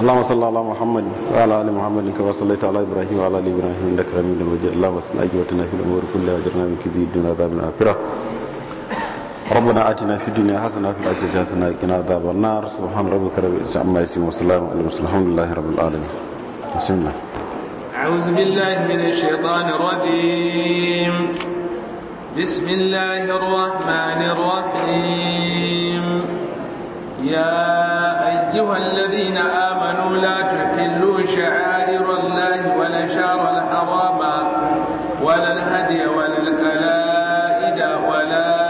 اللهم صل على محمد وعلى ال محمد كما صليت على ابراهيم وعلى ال ابراهيم انك حميد مجيد اللهم صل اجبتنا في الامور كلها واجرنا من كيد الدنيا عذاب الاخره ربنا اتنا في الدنيا حسنه وفي الاخره حسنه وقنا عذاب النار سبحان ربك رب العزه عما يصفون وسلام على المرسلين الحمد لله رب العالمين بسم الله اعوذ بالله من الشيطان الرجيم بسم الله الرحمن الرحيم يا أيها الذين آمنوا لا تحلوا شعائر الله ولا شعر الحرام ولا الهدي ولا الكلائد ولا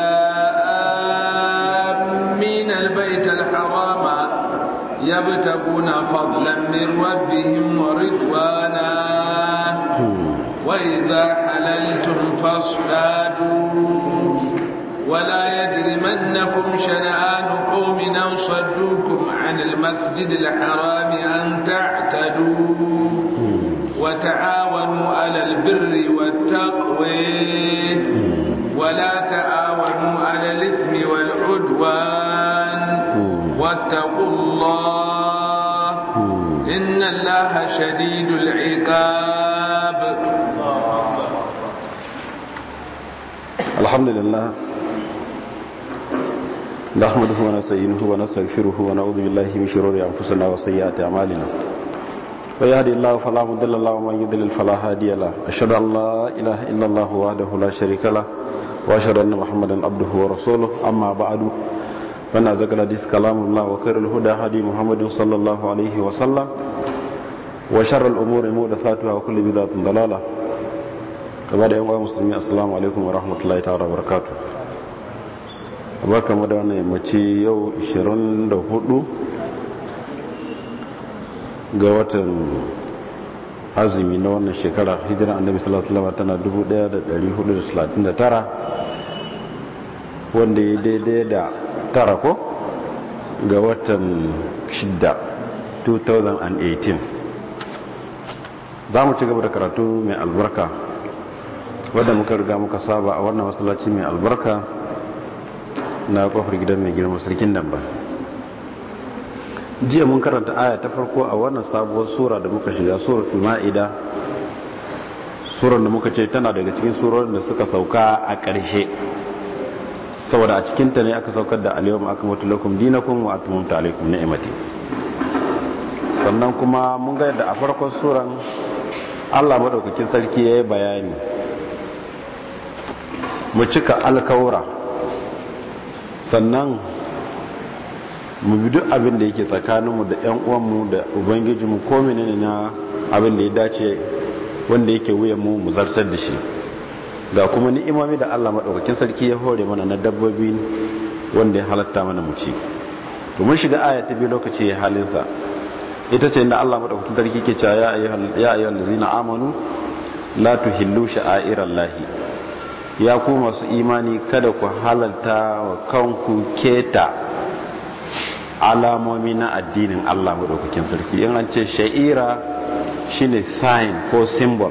آمين البيت الحرام يبتغون فضلا من ربهم ورضوانا وإذا حللتم فاصطادوا ولا يجرمنكم شنآن قوم أو صدوكم عن المسجد الحرام أن تعتدوا وتعاونوا على البر والتقوى ولا تعاونوا على الإثم والعدوان واتقوا الله إن الله شديد العقاب الحمد لله نحمده ونستعينه ونستغفره ونعوذ بالله من شرور انفسنا وسيئات اعمالنا من يهد الله فلا مضل له ومن يضلل فلا هادي له اشهد ان لا اله الا الله وحده لا شريك له واشهد ان محمدا عبده ورسوله اما بعد فان ذكر الحديث كلام الله وخير الهدى هدي محمد صلى الله عليه وسلم وشر الامور محدثاتها وكل بدعه ضلاله كما da yan uwa musulmi assalamu alaikum wa rahmatullahi ta'ala wa barakatuh ba kama da wani mace yau 24 ga watan azumi na wannan shekara hijira annabi salasalama tana 1439 wanda ya daidai da tara ko ga watan 6 2018 za mu ci gaba da karatu mai albarka wadda muka riga muka saba a wannan masallaci mai albarka na kofar gidan mai girma sarkin nan ba jiya mun karanta aya ta farko a wannan sabuwar sura da muka shiga suratul ma'ida surar da muka ce tana daga cikin surar da suka sauka a ƙarshe saboda a cikinta ne aka saukar da alyawma akmaltu lakum dinakum wa atmamtu alaykum ni'mati sannan kuma mun ga yadda a farkon suran Allah madaukakin sarki yayi bayani mu cika alkawura sannan mu bi duk abin da yake tsakaninmu da 'yan uwanmu da ubangijinmu ko menene na abin da ya dace wanda yake wuyan mu mu zartar da shi ga kuma ni'imami da Allah maɗaukakin sarki ya hore mana na dabbobi wanda ya halatta mana mu ci to mun shiga aya ta biyu lokaci halinsa ita ce inda Allah maɗaukakin sarki ke cewa ya ayyuhal ladzina amanu la tuhillu sha'airallahi ya ku masu imani kada ku halalta wa kanku keta alamomi na addinin Allah madaukakin sarki in an ce sha'ira shine sign ko symbol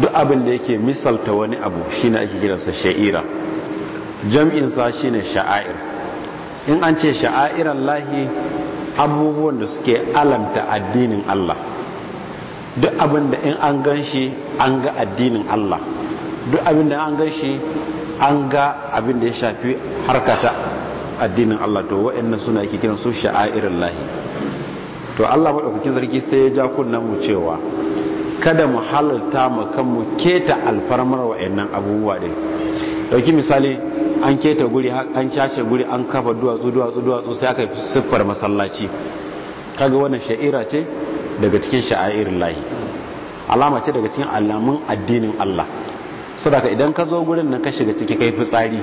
duk abin da yake misalta wani abu shine ake kiransa sha'ira jam'in sa shine sha'air in an ce sha'airan lahi abubuwan da suke alamta addinin Allah duk abin da in an ganshi an ga addinin Allah duk abin da an gan shi an ga abin da ya shafi harkata addinin Allah to wa'annan suna yake kiran su sha'irin lahi to Allah maɗaukakin sarki sai ya ja kunna mu cewa kada mu halarta mu mu keta alfarmar wa'annan abubuwa din dauki misali an keta guri an cace guri an kafa duwatsu duwatsu duwatsu sai aka siffar masallaci kaga wannan sha'ira ce daga cikin sha'air lahi alama ce daga cikin alamun addinin Allah sadaka idan ka zo gurin nan ka shiga ciki kai fitsari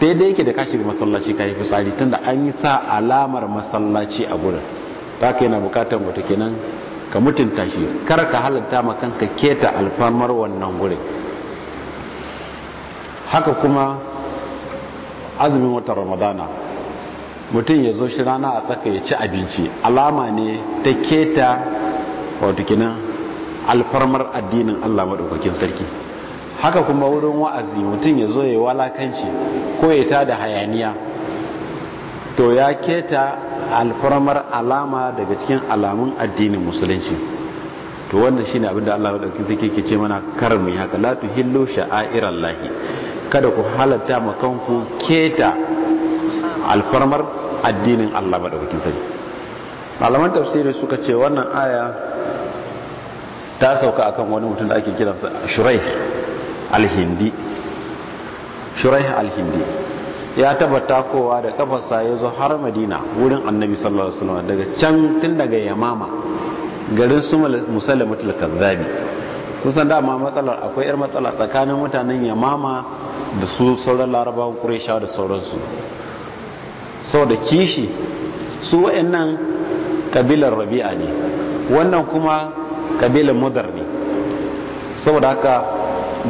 daidai yake da ka shiga masallaci kai fitsari tunda an yi sa alamar masallaci a gurin haka yana bukatar wata kenan ka mutunta shi kar ka halatta ma ka keta alfamar wannan gurin haka kuma azumin wata ramadana mutum ya zo shi rana a tsaka ya ci abinci alama ne ta keta wata kenan alfarmar addinin Allah maɗaukakin sarki haka kuma wurin wa'azi mutum ya zo ya walakanci ko ya ta da hayaniya to ya keta alfarmar alama daga cikin alamun addinin musulunci to wannan shi abin da Allah maɗaukakin sarki ke ce mana kar haka yi haka la tuhillu kada ku halatta ma keta alfarmar addinin Allah maɗaukakin sarki malaman tafsiri suka ce wannan aya ta sauka akan wani mutum da ake kiransa shurai alhindi shurai alhindi ya tabbata kowa da kafarsa ya zo har madina wurin annabi sallallahu alaihi wasallam daga can tun daga yamama garin su musallamatul kazzabi kusan dama matsalar akwai yar matsala tsakanin mutanen yamama da su sauran larabawan quraisha da sauransu sau da kishi su wa'annan kabilar rabi'a ne wannan kuma kabilan mudar ne saboda haka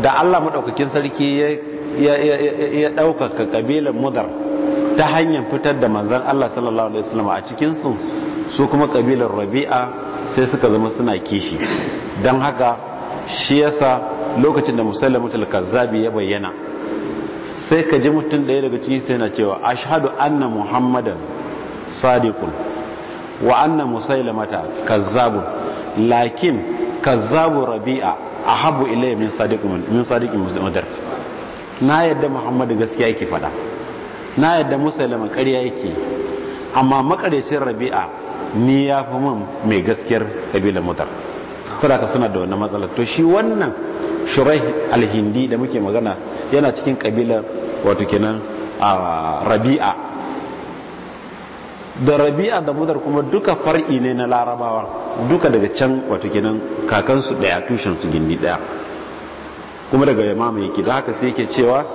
da Allah maɗaukakin sarki ya ɗaukaka kabilan mudar ta hanyar fitar da manzan Allah sallallahu alaihi wasallam a cikinsu su kuma kabilar rabi'a sai suka zama suna kishi don haka shi yasa lokacin da musailamatul kazzabi ya bayyana sai ka ji mutum ɗaya daga cikin sai na cewa shahadu anna muhammadan sadiqun wa anna musailamata kazzabun lakin kazzabu rabi'a a ilayya min sadiqin min sadiqin mudar na yadda muhammadu gaskiya yake fada na yadda musailama ƙarya yake amma makarecin rabi'a ni ya fi min mai gaskiyar ƙabilar mudar sadaka suna da wannan matsala to shi wannan shirai alhindi da muke magana yana cikin ƙabilar wato kenan rabi'a da rabi'a da mudar kuma duka far'i ne na larabawa duka daga can wato kenan kakansu daya tushen su gindi daya kuma daga yamama yake da haka sai yake cewa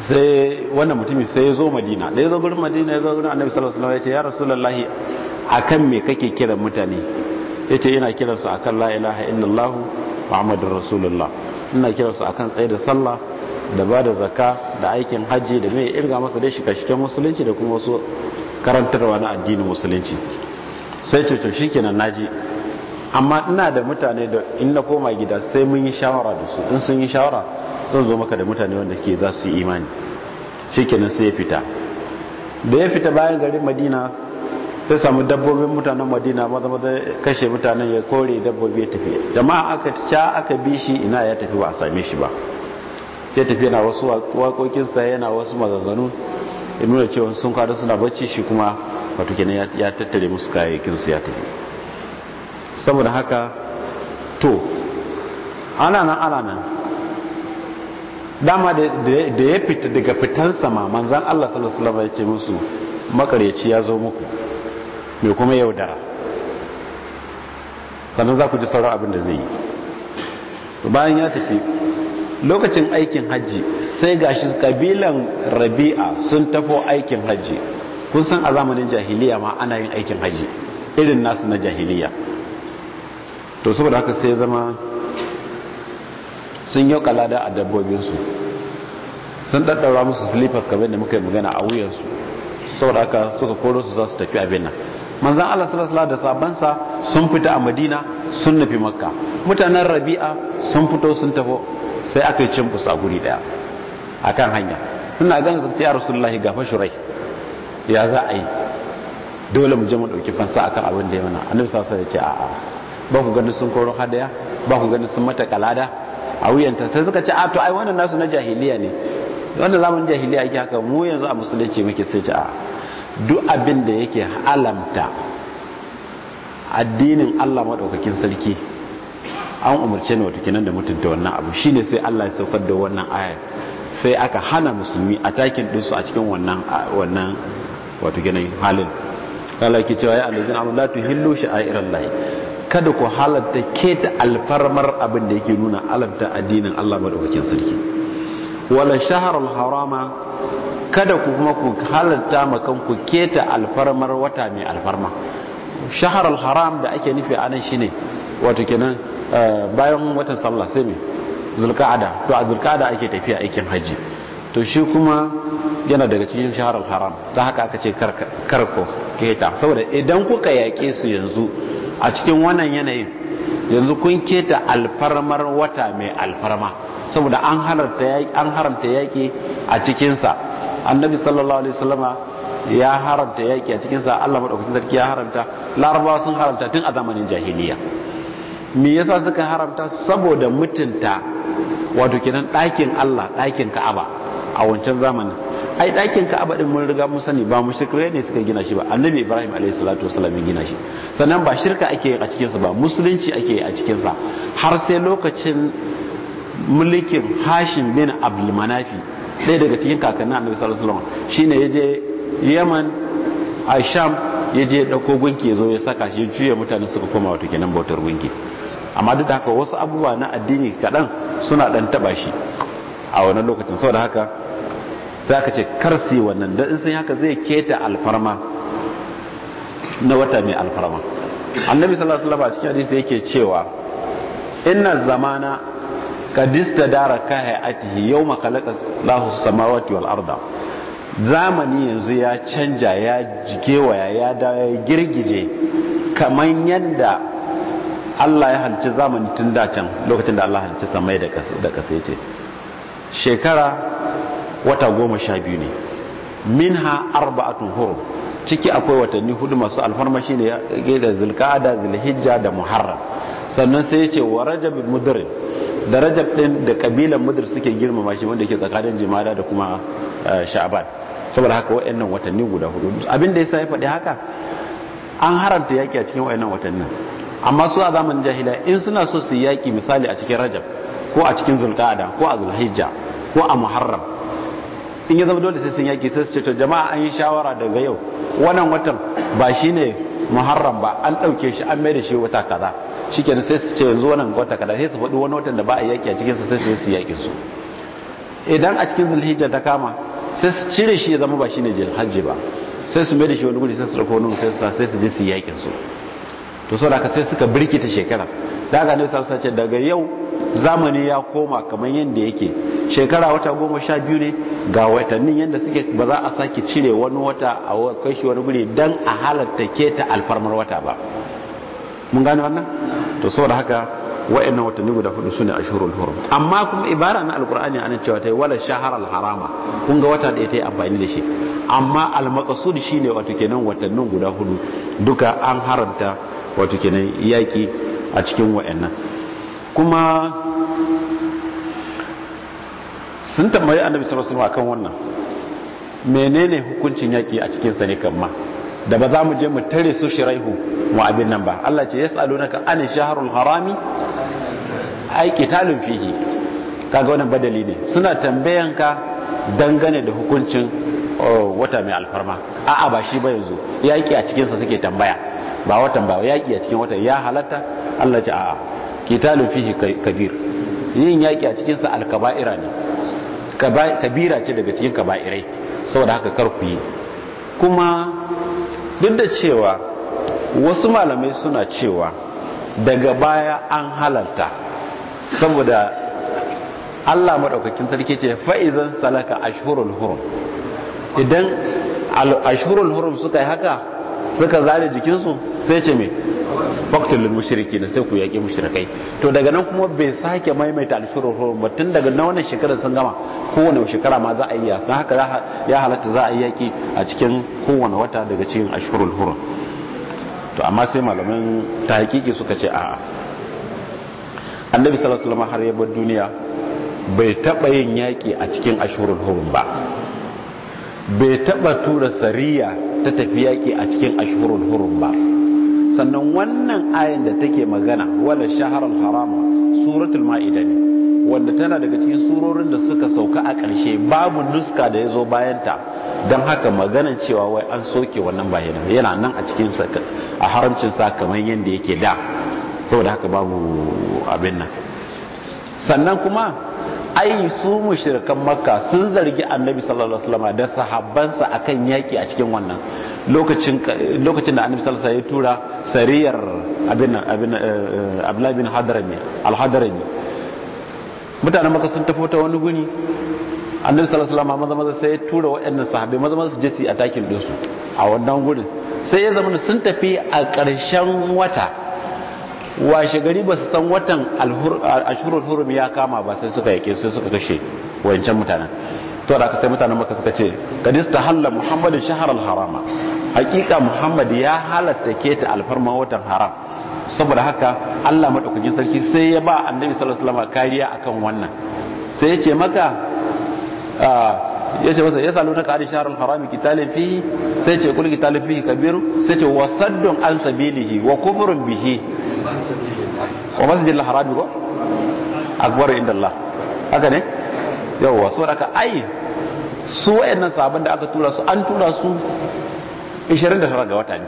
sai wannan mutumin sai ya zo madina da ya zo gurin madina ya zo gurin annabi sallallahu alaihi wasallam ya ce ya rasulullahi akan me kake kiran mutane ya ce yana kiransu akan la ilaha illallah muhammadur rasulullah ina kiran kiransu akan tsaye da sallah da ba da zaka da aikin hajji da mai irga masa dai shika-shiken musulunci da kuma wasu karantarwa na addinin musulunci sai ce to kenan naji amma ina da mutane da in na koma gida sai mun yi shawara da su in sun yi shawara zan zo maka da mutane wanda ke za su yi imani shikenan sai ya fita da ya fita bayan garin madina sai samu dabbobin mutanen madina maza maza kashe mutanen ya kore dabbobi ya tafi jama'a aka ca aka bi shi ina ya tafi ba a same shi ba ya tafi yana wasu waƙoƙinsa yana wasu maganganu ya nuna cewa sun kwada suna bacci shi kuma wato kenan ya tattare musu kayayyakinsu ya tafi saboda haka to ana nan ana nan dama da ya fita daga fitan sama manzan Allah sallallahu alaihi wasallam ya ce musu makaryaci ya zo muku me kuma yaudara sannan za ku ji sauran abin da zai yi bayan ya tafi lokacin aikin hajji sai gashi kabilan rabi'a sun tafo aikin hajji kun san a zamanin jahiliya ma ana yin aikin hajji irin nasu na jahiliya to saboda haka sai zama sun yau kalada a dabbobinsu sun daddaura musu silifas kamar da muka yi magana a wuyansu saboda haka suka koro su za su tafi abin nan manzan Allah sallallahu da sabansa sun fita a Madina sun nufi Makka mutanen Rabi'a sun fito sun tafo sai aka yi cimbus a guri daya a kan hanya suna gani su ya rasulullahi ga fashurai ya za a yi dole mu je mu ɗauki fansa kan abin da ya mana annabi sa da ce a'a ba ku gani sun koro hadaya ba ku gani sun mata kalada a wuyanta sai suka ce a to ai wannan nasu na jahiliya ne wannan zamanin jahiliya ake haka mu yanzu a musulunci muke sai ce a duk abin da yake alamta addinin Allah maɗaukakin sarki an umarce ni wato da mutunta wannan abu shine sai Allah ya saukar da wannan aya sai aka hana musulmi a takin dinsu a cikin wannan wannan wato halin Allah ke cewa ya allazina amanu la tuhillu sha'airallahi kada ku halatta keta alfarmar abin da yake nuna alamta addinin Allah madaukakin sarki wala harama kada ku kuma ku halatta makan ku keta alfarmar wata mai alfarma shahrul haram da ake nufi anan shine wato kenan Eh, bayan watan sallah sai me zulkaada to a zulkaada ake tafiya aikin haji to shi kuma yana daga cikin shaharar haram ta haka aka ce karko keta saboda idan kuka yaƙe su yanzu a cikin wannan yanayin yanzu kun keta alfarmar wata mai alfarma saboda an haramta yaƙi a cikinsa annabi sallallahu alaihi sallama ya haramta yaƙi a cikinsa allah maɗaukakin sarki ya haramta larabawa sun haramta tun a zamanin jahiliya me yasa suka haramta saboda mutunta wato kenan ɗakin Allah ɗakin Ka'aba a wancan zamanin ai ɗakin Ka'aba din mun riga mun sani ba mushrikai ne suka gina shi ba annabi Ibrahim alayhi salatu wasallam ya gina shi sannan ba shirka ake yi a cikin sa ba musulunci ake yi a cikin sa har sai lokacin mulkin Hashim bin Abdul Manafi ɗaya daga cikin kakannin annabi sallallahu alaihi wasallam shine yaje yemen a Sham ya je gunki ya zo ya saka shi juya mutane suka koma wato kenan bautar gunki amma duk da haka wasu abubuwa na addini kaɗan suna ɗan taɓa shi a wannan lokacin saboda haka sai aka ce karsi wannan da in sun haka zai keta alfarma na wata mai alfarma annabi sallallahu alaihi wasallam a cikin hadisi yake cewa inna zamana kadista dara ka hayatihi yawma khalaqa lahu samawati wal arda zamani yanzu ya canja ya jigewaya ya dawo ya girgije kaman yadda Allah ya halicci zamani tun da can lokacin da Allah halicci samai da ƙasa ce shekara wata goma sha biyu ne min minha arba'atun hurum ciki akwai watanni hudu masu alfarmashi shi ne ya da zulkada zulhijja da muharram sannan sai ya ce wa rajab mudir da rajab din da kabilan mudir suke girmama shi wanda ke tsakanin jimada da kuma eh, sha'ban saboda haka wa'annan watanni guda hudu abin da yasa ya faɗi haka an haramta yaki a cikin wa'annan watannin amma su a zamanin jahila in suna so su yaki misali a cikin rajab ko a cikin zulqa'ada ko a zulhijja ko a muharram in ya zama dole sai sun yaki sai su ce to jama'a an yi shawara daga yau wannan watan ba shine muharram ba an ɗauke shi an mai da shi wata kaza shikenan sai su ce yanzu wannan wata kaza sai su faɗi wani watan da ba a yaki a cikin sa sai su yi yakin su idan a cikin zulhijja ta kama sai su cire shi ya zama ba shine hajji ba sai su mai da shi wani guri sai su rako wani sai su je su yi yaƙin su to saboda ka sai suka birkita shekara da ne sa ce daga yau zamani ya koma kamar yadda yake shekara wata goma sha biyu ne ga watannin yadda suke ba za a sake cire wani wata a kai shi wani guri don a halatta ta alfarmar wata ba mun gane wannan to saboda haka wa'annan watanni guda hudu a ashhurul hurum amma kuma ibara na alkur'ani anan cewa tai wala shahar harama kun ga wata ɗaya ta yi amfani da shi amma al maqsud shine wato kenan watannin guda hudu duka an haramta wato kenan yaƙi a cikin wa'annan kuma sun tambayi annabi sallallahu alaihi akan wannan menene hukuncin yaƙi a cikin ne kan ma da ba za mu je mu tare su shiraihu mu abin nan ba Allah ce ya yas'alunaka an shahrul harami ai talin fihi kaga wannan badali ne suna tambayan ka dangane da hukuncin oh, wata mai alfarma a'a ba shi ba yanzu yaƙi a cikinsa suke tambaya ba watan ba yaƙi a cikin watan ya halatta Allah ce a'a qitalun fihi kabir yin yaƙi a cikin sa alkaba'ira ne kabira ce daga cikin kaba'irai saboda haka kar ku yi kuma duk da cewa wasu malamai suna cewa daga baya an halalta saboda Allah madaukakin sarki ce fa'izan salaka ashhurul hurum idan ashhurul hurum suka yi haka suka zare jikinsu sai ce me faktulul mushriki na sai ku yaƙi mushrikai to daga nan kuma bai sake maimaita alfurur ba tun daga na wannan shekarar sun gama kowane shekara ma za a yi yasa haka ya halatta za a yi yaƙi a cikin kowane wata daga cikin ashurul hurum to amma sai malaman ta hakiki suka ce a'a annabi sallallahu alaihi har ya bar duniya bai taɓa yin yaƙi a cikin ashurul hurum ba bai taba tura sariya ta tafi yaki a cikin ashhurul hurum ba sannan wannan ayan da take magana wala shaharar harama suratul ma'ida wanda tana daga cikin surorin da suka sauka a ƙarshe babu nuska da ya zo bayanta don haka maganan cewa wai an soke wannan bayanan yana nan a cikin a haramcin sa kamar yadda yake da saboda haka babu abin nan sannan kuma ai su mushrikan makka sun zargi annabi sallallahu alaihi wasallam da sahabbansa akan yaki a cikin wannan lokacin lokacin da annabi sallallahu alaihi wasallam ya tura sariyar abin abin eh, abla bin hadrami al-hadrami mutanen makka sun tafi ta wani guni annabi sallallahu alaihi wasallam maza maza sai ya tura waɗannan sahabbai maza maza su je su yi atakin dinsu a wannan gurin sai ya zama sun tafi a ƙarshen wata washe gari ba su san watan ashurul hurum ya kama ba sai suka yake sai suka kashe wancan mutanen to da aka sai mutanen maka suka ce kadis ta halla muhammadin shaharar harama hakika muhammad ya halatta ke ta alfarma watan haram saboda haka allah maɗaukakin sarki sai ya ba annabi sallallahu alaihi wasallam kariya akan wannan sai ya ce maka ah, yace masa ya salu ta qari shahrul harami ki fihi sai ce kulki qitalin fihi kabiru sai ce wasaddun an sabilihi wa kufrun bihi wa masjidil harami ko akbar inda Allah haka ne yawwa so daga ai su wayannan sabon da aka tura su an tura su 29 ga wata ne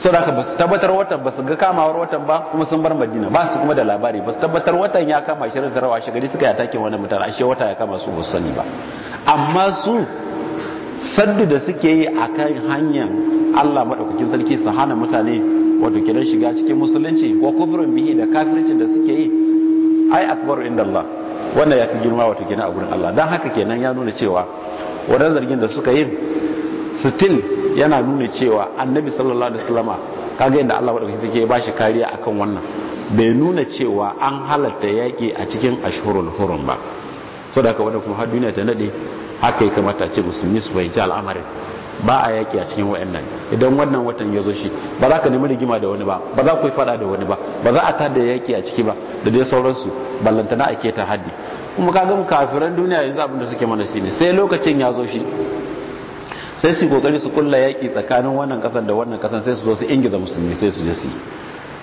so da ba su tabbatar watan ba su ga kamawar watan ba kuma sun bar madina ba su kuma da labari ba su tabbatar watan ya kama 29 a shigari suka yi atakin wani mutane ashe wata ya kama su ba su sani ba amma su saddu da suke yi a kan hanyar Allah maɗaukakin sarki su hana mutane wato kiran shiga cikin musulunci ko kufurin bihi da kafircin da suke yi ai akbaru inda Allah wannan ya fi girma wato gina a gurin Allah don haka kenan ya nuna cewa wannan zargin da suka yi still yana nuna cewa annabi sallallahu alaihi wasallama kaga yadda Allah maɗaukakin sarki ya bashi kariya akan wannan bai nuna cewa an halatta yaƙi a cikin ashhurul hurum ba saboda ka wannan kuma har duniya ta nade haka yi kamata ce musulmi su fahimci al'amarin ba a yaki a cikin wayannan idan wannan watan ya zo shi ba za ka nemi rigima da wani ba ba za ku yi fada da wani ba ba za a tada yaki a ciki ba da dai sauransu ballantana a keta haddi kuma ka gama kafiran duniya yanzu abin da suke mana ne sai lokacin ya zo shi sai su kokari su kulla yaki tsakanin wannan kasan da wannan kasan sai su zo su ingiza musulmi sai su je su yi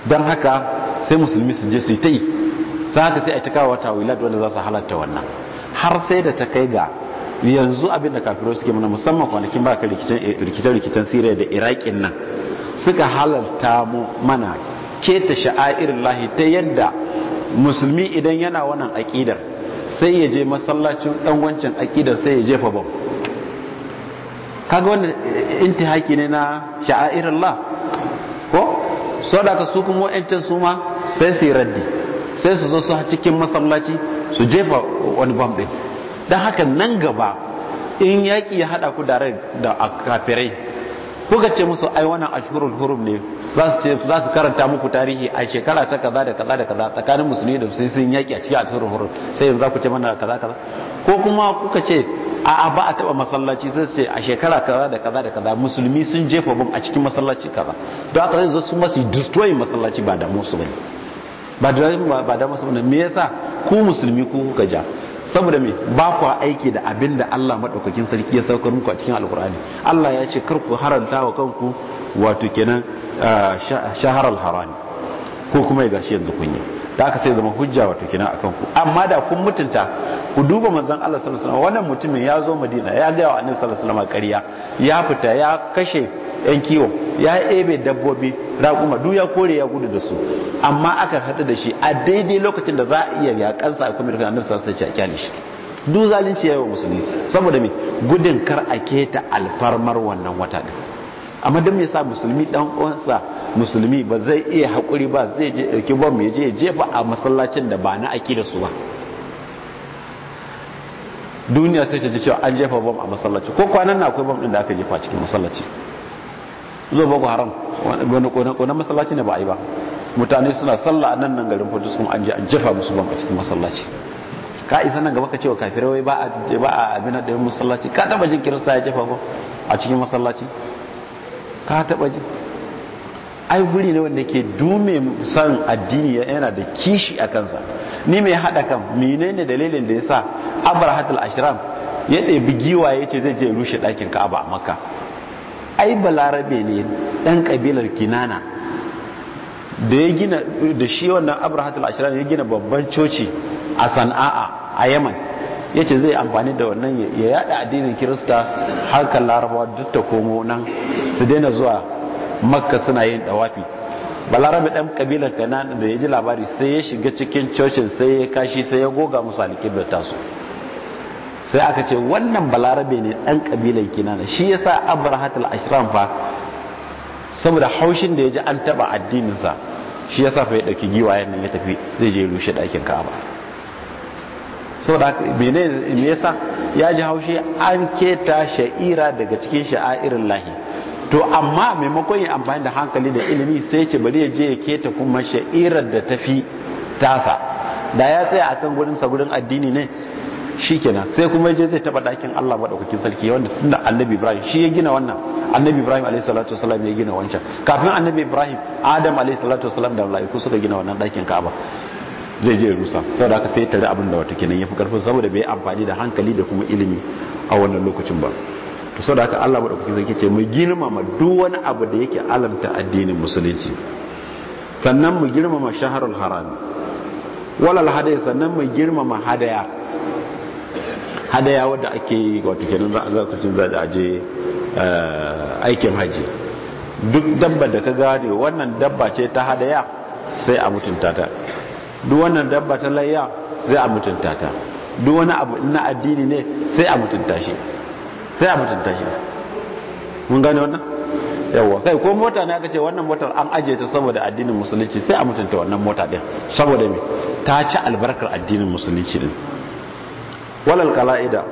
don haka sai musulmi su je su yi ta yi sai haka sai a cika wa wanda za su halatta wannan har sai da ta kai ga yanzu abinda da kafirai suke mana musamman kwanakin ba ka eh, rikice siriya da iraƙin nan suka halarta mu mana keta sha'airin lahi ta yadda musulmi idan yana wannan aƙidar sai ya je masallacin ɗan wancan aƙidar sai ya jefa bam kaga wannan eh, intihaki ne na sha'airin lahi, ko so da ka su kuma wa'ancan su ma sai su yi raddi sai su zo su cikin masallaci su jefa wani bam din don haka nan gaba in yaƙi ya haɗa ku da da kafirai kuka ce musu ai wannan ashurul hurum ne za su za su karanta muku tarihi a shekara ta kaza da kaza da kaza tsakanin musulmi da sai sun yaƙi a cikin ashurul hurum sai yanzu za ku ce mana kaza kaza ko kuma kuka ce a ba a taba masallaci sai ce a shekara kaza da kaza da kaza musulmi sun jefa bom a cikin masallaci kaza don haka zai zo su masu destroy masallaci ba da musu bane ba direba ba da masu me yasa ku musulmi ku kuka ja saboda me ba ku aiki da abinda Allah madaukakin sarki ya saukar muku a cikin alkur'ani Allah ya ce kar ku haranta wa kanku wato kenan ah, shaharar harami ko kuma ya gashi yanzu kunya da aka sai zama hujja wato kina akan ku amma da kun mutunta ku duba manzon Allah sallallahu alaihi wasallam wannan mutumin ya zo Madina ya ga wa Annabi sallallahu alaihi wasallam ƙarya ya fita ya kashe yan kiwo ya ebe dabbobi raƙuma duk ya kore ya gudu da su amma aka hadu da shi a daidai lokacin da za a iya ya a kuma da Annabi sallallahu alaihi wasallam shi duk zalunci yayi wa musulmi saboda me gudun kar a keta alfarmar wannan wata din amma don me sa musulmi dan uwansa musulmi ba zai iya haƙuri ba zai je ɗauki bom ya je jefa a masallacin da ba na da su ba duniya sai ta ji cewa an jefa bom a masallaci ko kwanan na akwai bom ɗin da aka jefa cikin masallaci zo boko haram wani ƙonan masallaci ne ba a yi ba mutane suna sallah a nan nan garin fajis kuma an je an jefa musu bom a cikin masallaci ka isa nan gaba ka cewa kafirai ba a abin da masallaci ka taba jin kirista ya jefa bom a cikin masallaci ka taɓa ji ai guri ne wanda ke dume san addini yana da kishi a kansa ni mai haɗa kan menene dalilin da ya sa abrahatul ashram ya ɗebi giwa ya ce zai je rushe ɗakin ka'aba a makka ai balarabe ne ɗan ƙabilar kinana da ya gina da shi wannan abrahatul ashram ya gina babban coci a sana'a a yaman ya ce zai amfani da wannan ya yada addinin kirista harkar larabawa duk ta komo nan su daina zuwa makka suna yin dawafi balarabe dan kabilar kanan da ya ji labari sai ya shiga cikin cocin sai ya kashi sai ya goga musu da tasu sai aka ce wannan balarabe ne dan kabilar kinana shi yasa abrahatul ashram fa saboda haushin da ya ji an taba addininsa shi yasa fa ya dauki giwayen nan ya tafi zai je rushe dakin ka'aba saboda haka mene me yasa ya ji haushi an keta sha'ira daga cikin sha'irin lahi to amma maimakon ya amfani da hankali da ilimi sai ce bari ya je ya keta kuma sha'irar da tafi tasa da ya tsaya akan gurin sa gurin addini ne shikenan sai kuma je zai taba dakin Allah madaukakin sarki wanda tunda Annabi Ibrahim shi ya gina wannan Annabi Ibrahim alayhi salatu wasallam ya gina wancan kafin Annabi Ibrahim Adam alayhi salatu wasallam da malaiku suka gina wannan dakin Ka'aba zai je rusa saboda aka sai tare abin da wata kenan yafi karfin saboda bai amfani da hankali da kuma ilimi a wannan lokacin ba to saboda haka Allah madaukaki zai ce mu girmama duk wani abu da yake alamta addinin musulunci sannan mu girmama shaharul haram walal hadaya sannan mu girmama hadaya hadaya wadda ake yi wata kenan za a zarkacin za a je eh, aikin haji duk dabba da ka gane wannan dabba ce ta hadaya sai a mutunta ta duk wannan dabba ta layya sai a mutunta ta duk wani abu na addini ne sai a mutunta shi sai a mutunta shi mun gane wannan yawa kai ko mota ne aka ce wannan motar an ajiye ta saboda addinin musulunci sai a mutunta wannan mota din saboda me ta ci albarkar addinin musulunci din walal qala'ida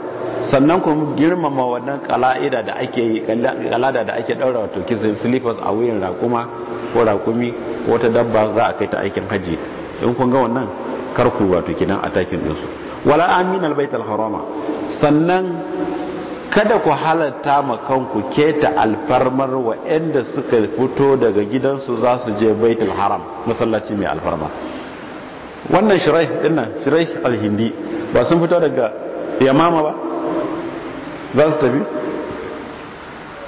sannan ku girmama wannan qala'ida da ake yi qala'ida da ake daura wato kisan slippers a wuyan rakuma ko rakumi ko ta dabba za a kai ta aikin haji in kun ga wannan karku wato kidan atakin su wala amin albayt alharama sannan kada ku halatta ma kanku keta alfarmar inda suka fito daga gidansu za su je baitul haram masallaci mai alfarma wannan shirai nan shirai alhindi ba sun fito daga yamama ba za su tafi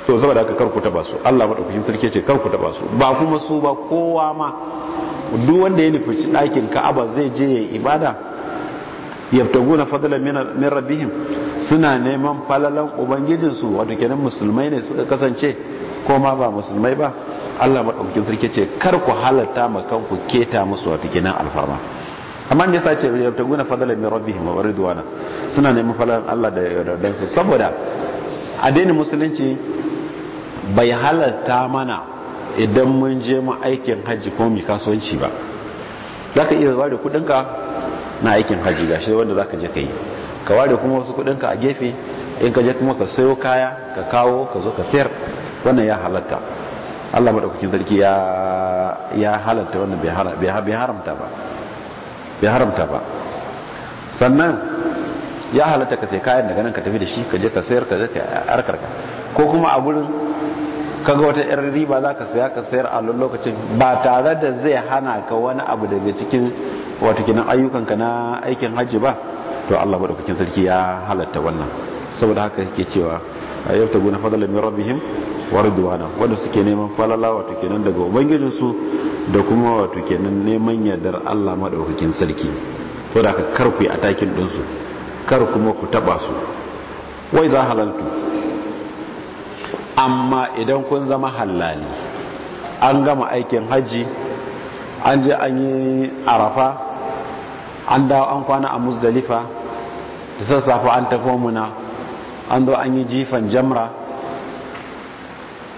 to saboda haka karku taba su Allah madaukakin sarki ce karku taba su ba kuma su ba kowa ma duk wanda ya nufi ɗakin ka'aba zai je ya ibada na fadalar min rabbihim suna neman falalan ubangijinsu wato kenan musulmai ne suka kasance ko ma ba musulmai ba Allah madaukakin sarki ce kar ku halatta ma kanku keta musu wato kenan alfarma amma nesa yasa ce yabtaguna fadlan min rabbihim wa ridwana suna neman falalan Allah da yardansa saboda addinin musulunci bai halatta mana idan mun je mu aikin hajji ko mu kasuwanci ba za ka iya ware kudinka na aikin hajji gashi wanda za ka je ka yi ka ware kuma wasu kudinka a gefe in ka je kuma ka sayo kaya ka kawo ka zo ka sayar wannan ya halatta allah maɗaukakin sarki ya halatta wannan bai haramta ba bai haramta ba sannan ya halatta ka sai kayan daga nan ka tafi da shi ka je ka sayar ka je ka arkarka ko kuma a gurin kaga wata yar riba za ka saya ka sayar a lokacin ba tare da zai hana ka wani abu daga cikin wato kinan ka na aikin hajji ba to Allah madaukakin sarki ya halatta wannan saboda haka yake cewa guna fadlan min rabbihim wa ridwana wanda suke neman falala wato kenan daga ubangijin su da kuma wato kenan neman yardar Allah madaukakin sarki to da ka kar ku yi atakin din su kar kuma ku taba su wai za halaltu amma idan kun zama hallali an gama aikin hajji an je an yi arafa an dawo an kwana a musdalifa da sassafe an tafi muna an zo an yi jifan jamra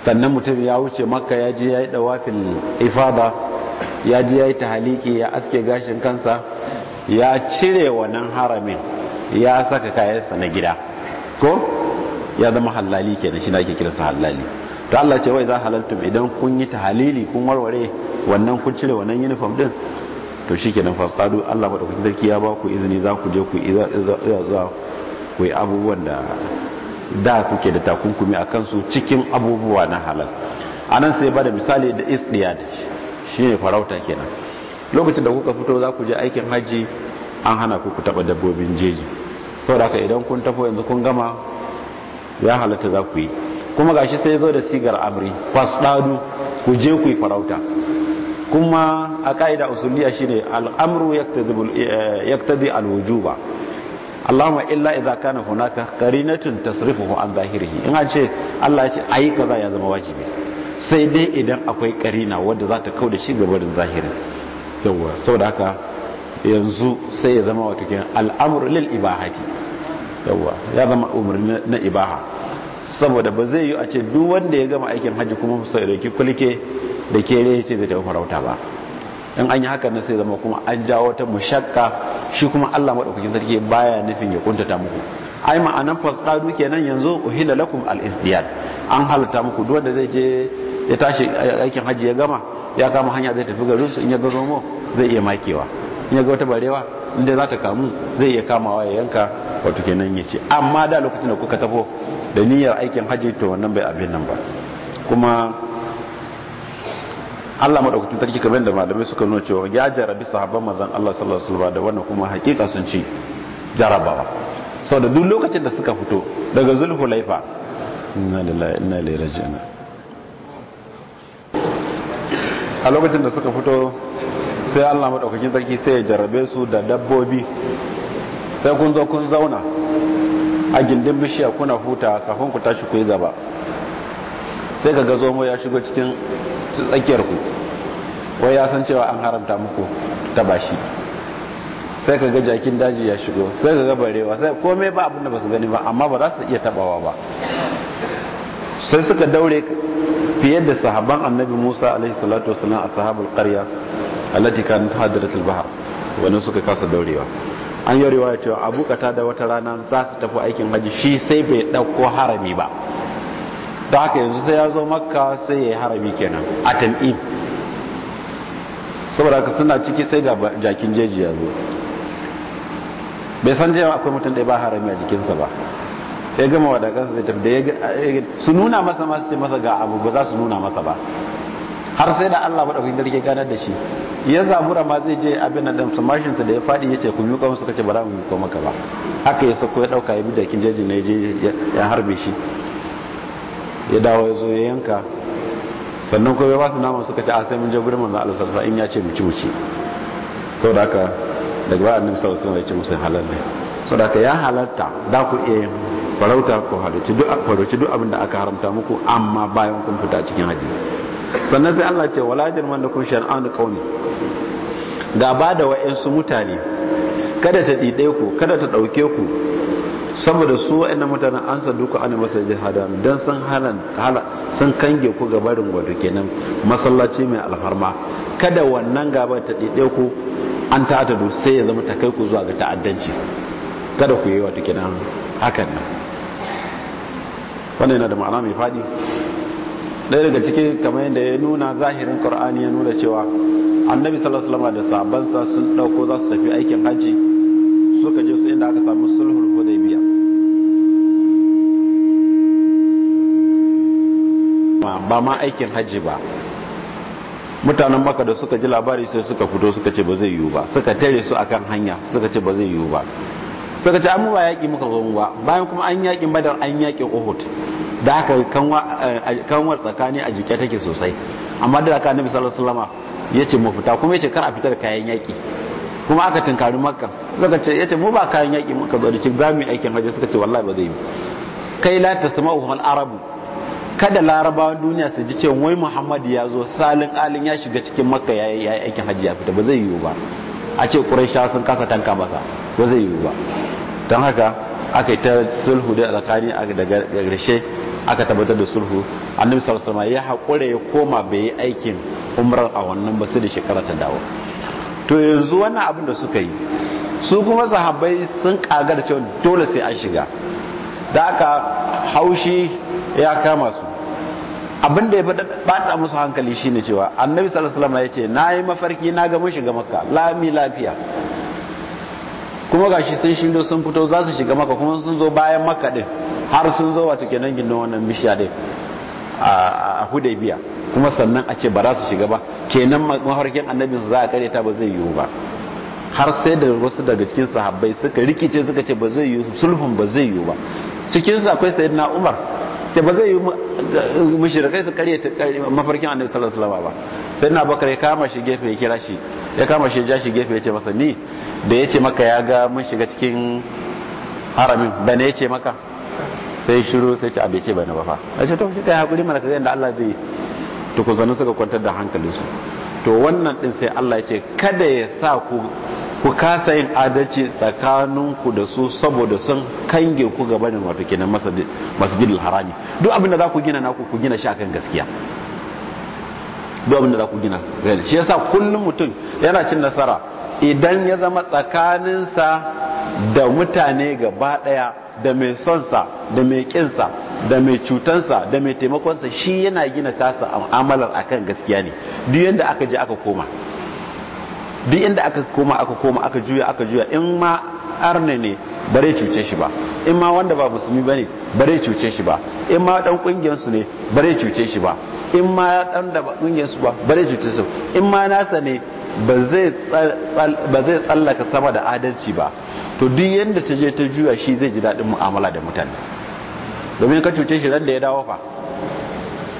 sannan mutum ya wuce makka ya je ya yi dawafin ifada ya ji ya yi tahaliki ya aske gashin kansa ya cire wannan haramin ya saka kayansa na gida ko ya zama halali kenan shi na ake kiransa halali to Allah ce wai za halaltum idan kun yi ta halili kun warware wannan kun cire wannan uniform din to shi ke nan fasadu Allah madaukakin zarki ya ba ku izini za ku je ku za ku yi abubuwan da da kuke da takunkumi a kansu cikin abubuwa na halal anan sai ba da misali da isdiyad ne farauta kenan lokacin da kuka fito za ku je aikin hajji an hana ku ku taba dabbobin jeji saboda haka idan kun tafi yanzu kun gama ya halatta za ku yi kuma gashi sai zo da sigar amri fasdadu ku je ku yi farauta kuma a ka'ida usuliya shine al'amru eh, yaktadi al Allahumma illa idza kana hunaka qarinatun tasrifuhu an zahirihi in an ce Allah ya ce ayi kaza ya zama wajibi sai dai idan akwai karina wadda za ta kauda shi gabarin zahirin yawa saboda haka yanzu sai ya zama wato kenan al'amru lil ibahati yawa ya zama umarni na ibaha saboda ba zai yi a ce duk wanda ya gama aikin hajji kuma sai ke kulke da ke ce zai tafi farauta ba in an yi haka na sai zama kuma an jawo ta mushakka shi kuma Allah madaukakin sarki baya nufin ya kuntata muku ai ma'anan ke nan yanzu uhilla lakum al-isdiyad an halatta muku duk wanda zai je ya tashi aikin hajji ya gama ya kama hanya zai tafi garin su in ya ga zomo zai iya makewa in ya ga wata barewa inda za ta kamu zai iya kamawa ya yanka wato kenan ya ce amma da lokacin da kuka tafo da niyyar aikin hajji to wannan bai abin nan ba kuma Allah madaukakin tarki kamar da malamai suka nuna cewa ya jarabi sahabban manzon Allah sallallahu alaihi wasallam da wannan kuma hakika sun ce jarabawa sau da duk lokacin da suka fito daga zulhulaifa inna lillahi inna ilaihi raji'un a lokacin da suka fito sai Allah madaukakin sarki sai ya jarrabe su da dabbobi sai kun zo kun zauna a gindin bishiya kuna huta kafin ku tashi ku yi gaba sai ka gazo zomo ya shigo cikin tsakiyar ku wai ya san cewa an haramta muku ta bashi sai ka ga jakin daji ya shigo sai ka ga barewa sai komai ba abinda ba su gani ba amma ba za su iya tabawa ba sai suka daure fiye da sahaban annabi musa alaihi salatu wasalam a sahabul karya alati kanat hadratul bahar wannan suka kasa daurewa an yi riwaya cewa abu kata da wata rana za su tafi aikin haji shi sai bai ɗauko harami ba da haka yanzu sai ya zo makka sai ya yi harami kenan a tam'im saboda ka suna ciki sai ga jakin jeji ya zo bai san jewa akwai mutum ɗaya ba harami a jikinsa ba ya gama wadakansa zai tafi da su nuna masa masu sai masa ga abu ba za su nuna masa ba har sai da Allah madaukakin sarki ganar da shi ya zabura rama zai je abin nan din samashin sa da ya fadi yace ku miƙa musu kace ba za mu miƙa maka ba haka ya sako ya dauka ya bi da kin jeji ne je ya harbe shi ya dawo ya zo ya yanka sannan kuma ya ba su naman suka ce a sai mun je gurin manzon Allah sarsa in ya ce mu ci mu ci saboda haka daga ba annabi sallallahu alaihi wasallam ya ce musu halal ne saboda haka ya halarta da ku iya farauta ko halarci duk farauci duk abin da aka haramta muku amma bayan kun fita cikin hadisi sannan sai Allah ce wala jirman da kun shar'anu ga gaba da wayansu mutane kada ta dide ku kada ta dauke ku saboda su wa'annan mutanen an duka an masa haram dan san halan sun kange ku ga barin wato kenan masallaci mai alfarma kada wannan gaba ta dide ku an ta'addadu sai ya zama ta kai ku zuwa ga ta'addanci kada ku yi wato kenan hakan nan wannan yana da ma'ana mai faɗi. ɗaya daga cikin kamar yadda ya nuna zahirin qur'ani ya nuna cewa annabi salasalama da sabansa sun ɗauko za su tafi aikin su suka je su inda aka samu sulhul hudaybiya ba ma aikin hajji ba mutanen maka da suka ji labari sai suka fito suka ce ba zai yiwu ba suka tare su akan hanya suka ce ba zai yiwu ba suka ce an ba yaƙi muka zo ba bayan kuma an yaƙi badar an yaƙin uhud da aka eh, kanwar tsakani a jike take sosai amma da aka annabi sallallahu alaihi wasallam yace mu fita kuma yace kar a fitar kayan yaki kuma aka tunkari makka suka ce yace mu ba kayan yaki muka zo da ki ga mu aikin haji suka ce wallahi ba zai yi kai la tasma'u al arabu kada larabawan duniya su ji ce wai muhammad ya zo salin alin ya shiga cikin makka ya yi aikin hajji ya fita ba zai yiwu ba a ce sha sun kasa tanka masa ba zai yiwu ba don haka aka yi ta sulhu da tsakani daga gashe aka tabbatar da sulhu annabi sallallahu alaihi ya haƙure ya koma bai yi aikin umrar a wannan ba sai da shekara ta dawo to yanzu wannan abin da suka yi su kuma sahabbai sun kagar cewa dole sai an shiga da aka haushi ya kama su abin da ya bata musu hankali shine cewa annabi sallallahu alaihi wasallam ya ce nayi mafarki na ga mun shiga makka lami lafiya kuma gashi sun shindo sun fito za su shiga maka kuma sun zo bayan maka din har sun zo wata kenan gindin wannan bishiya din a hudaybiya kuma sannan a ce ba za su shiga ba kenan mafarkin annabin su za a kare ta ba zai yiwu ba har sai da wasu daga cikin sahabbai suka rikice suka ce ba zai yiwu sulhun ba zai yiwu ba cikin su akwai sayyidina umar ce ba zai yi mushrikai su karye ta mafarkin annabi sallallahu alaihi wasallam ba sai na bakar ya kama shi gefe ya kira shi ya kama shi ja shi gefe ya ce masa ni da ya ce maka ya ga mun shiga cikin haramin ba ne ya ce maka sai shiru sai ce abe ce ba ne ba fa a ce to shi kai hakuri mana ka ga inda Allah zai to ku suka kwantar da hankalinsu to wannan din sai Allah ya ce kada ya sa ku ku kasa yin adalci tsakaninku da su saboda sun kange ku gaba da wato kenan masjidil harami duk abin da za ku gina naku ku gina shi akan gaskiya duk abin da za ku gina shi yasa kullum mutum yana cin nasara idan ya zama tsakaninsa da mutane gaba daya da mai sonsa da mai sa da mai cutansa da mai taimakonsa shi yana gina tasa amalar akan gaskiya ne duk yanda aka je aka koma duk inda aka koma aka koma aka juya aka juya in ma arne ne bare cuce shi ba in ma wanda ba musulmi bane bare cuce shi ba in ma dan kungiyar su ne bare cuce shi ba in ma dan da kungiyar su ba bare cuce su in ma nasa ne ba zai tsallaka sama da adalci ba to duk yadda ta je ta juya shi zai ji daɗin mu'amala da mutane domin ka cuce shi ran da ya dawo fa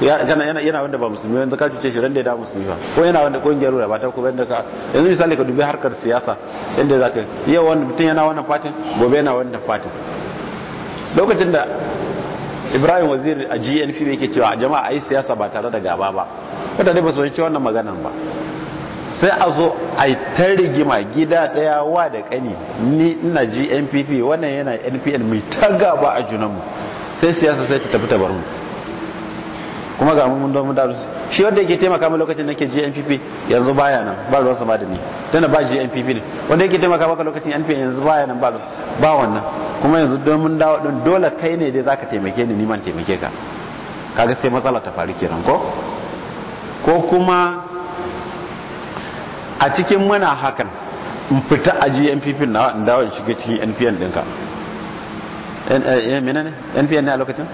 yana wanda ba musulmi wanda ka cuce shi ran da ya da musulmi ba ko yana wanda kungiyar da ba ta kuma yadda ka yanzu misali ka dubi harkar siyasa yadda za ka yau wanda mutum yana wannan fatin gobe yana wannan fatin lokacin da ibrahim wazir a gnp yake cewa jama'a a yi siyasa ba tare da gaba ba mutane ba su wanci wannan maganan ba sai a zo a yi ta rigima gida daya wa da kani ni ina gnpp wannan yana npn mai ta gaba a junanmu sai siyasa sai ta tafi ta bar mu kuma ga mun don mun da shi wanda yake taimaka min lokacin nake GNPP yanzu baya nan ba ruwa sama da ni tana ba GNPP ne wanda yake taimaka maka lokacin NPP yanzu baya nan ba ba wannan kuma yanzu don mun dawo din dole kai ne dai zaka taimake ni ni man taimake ka kaga sai matsala ta faru kenan ko ko kuma a cikin muna hakan in fita a GNPP na in dawo in shiga cikin NPN dinka NPN ne a lokacin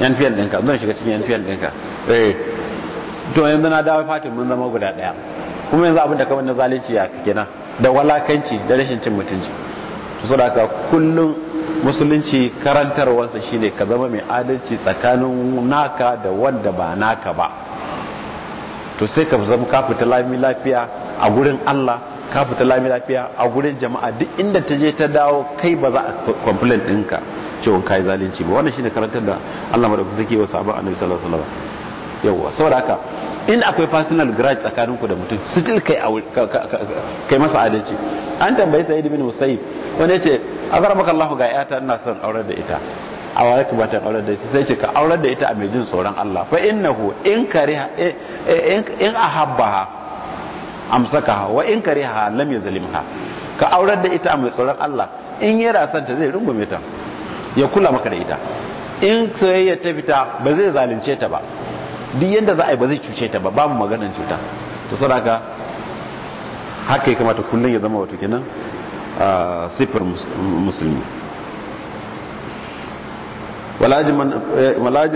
yan fiyan ɗinka zan shiga cikin yan fiyan ɗinka eh to yanzu na dawo fatin mun zama guda ɗaya kuma yanzu abin da kawai na zalunci ya na da walakanci da rashin cin mutunci to saboda haka kullum musulunci karantarwarsa shine ka zama mai adalci tsakanin naka da wanda ba naka ba to sai ka zama ka fita lami lafiya a gurin Allah ka fita lami lafiya a gurin jama'a duk inda ta je ta dawo kai ba za a complain ɗinka cewa kai zalunci ba wannan shine karantar da Allah madaukakin sarki wa sahabban annabi sallallahu alaihi wasallam yawa saboda haka in akwai personal grudge tsakaninku da mutum still kai kai masa adalci an tambayi sa'id ibn musayyib wanda yace azarbaka Allah ga yata ina son aurar da ita a wani ka bata aurar da ita sai ce ka aurar da ita a mai jin tsoron Allah fa innahu in kariha eh, eh, in ahabbaha amsakaha wa in kariha lam yuzlimha ka aurar da ita a mai tsoron Allah in yi rasanta zai rungume ta ya kula maka da ita in soyayya ta fita ba zai zalunce ta ba duk yadda za a yi ba zai cuce ta ba babu maganar cuta to sadaka haka ya kamata kullum ya zama wato kenan a musulmi walajir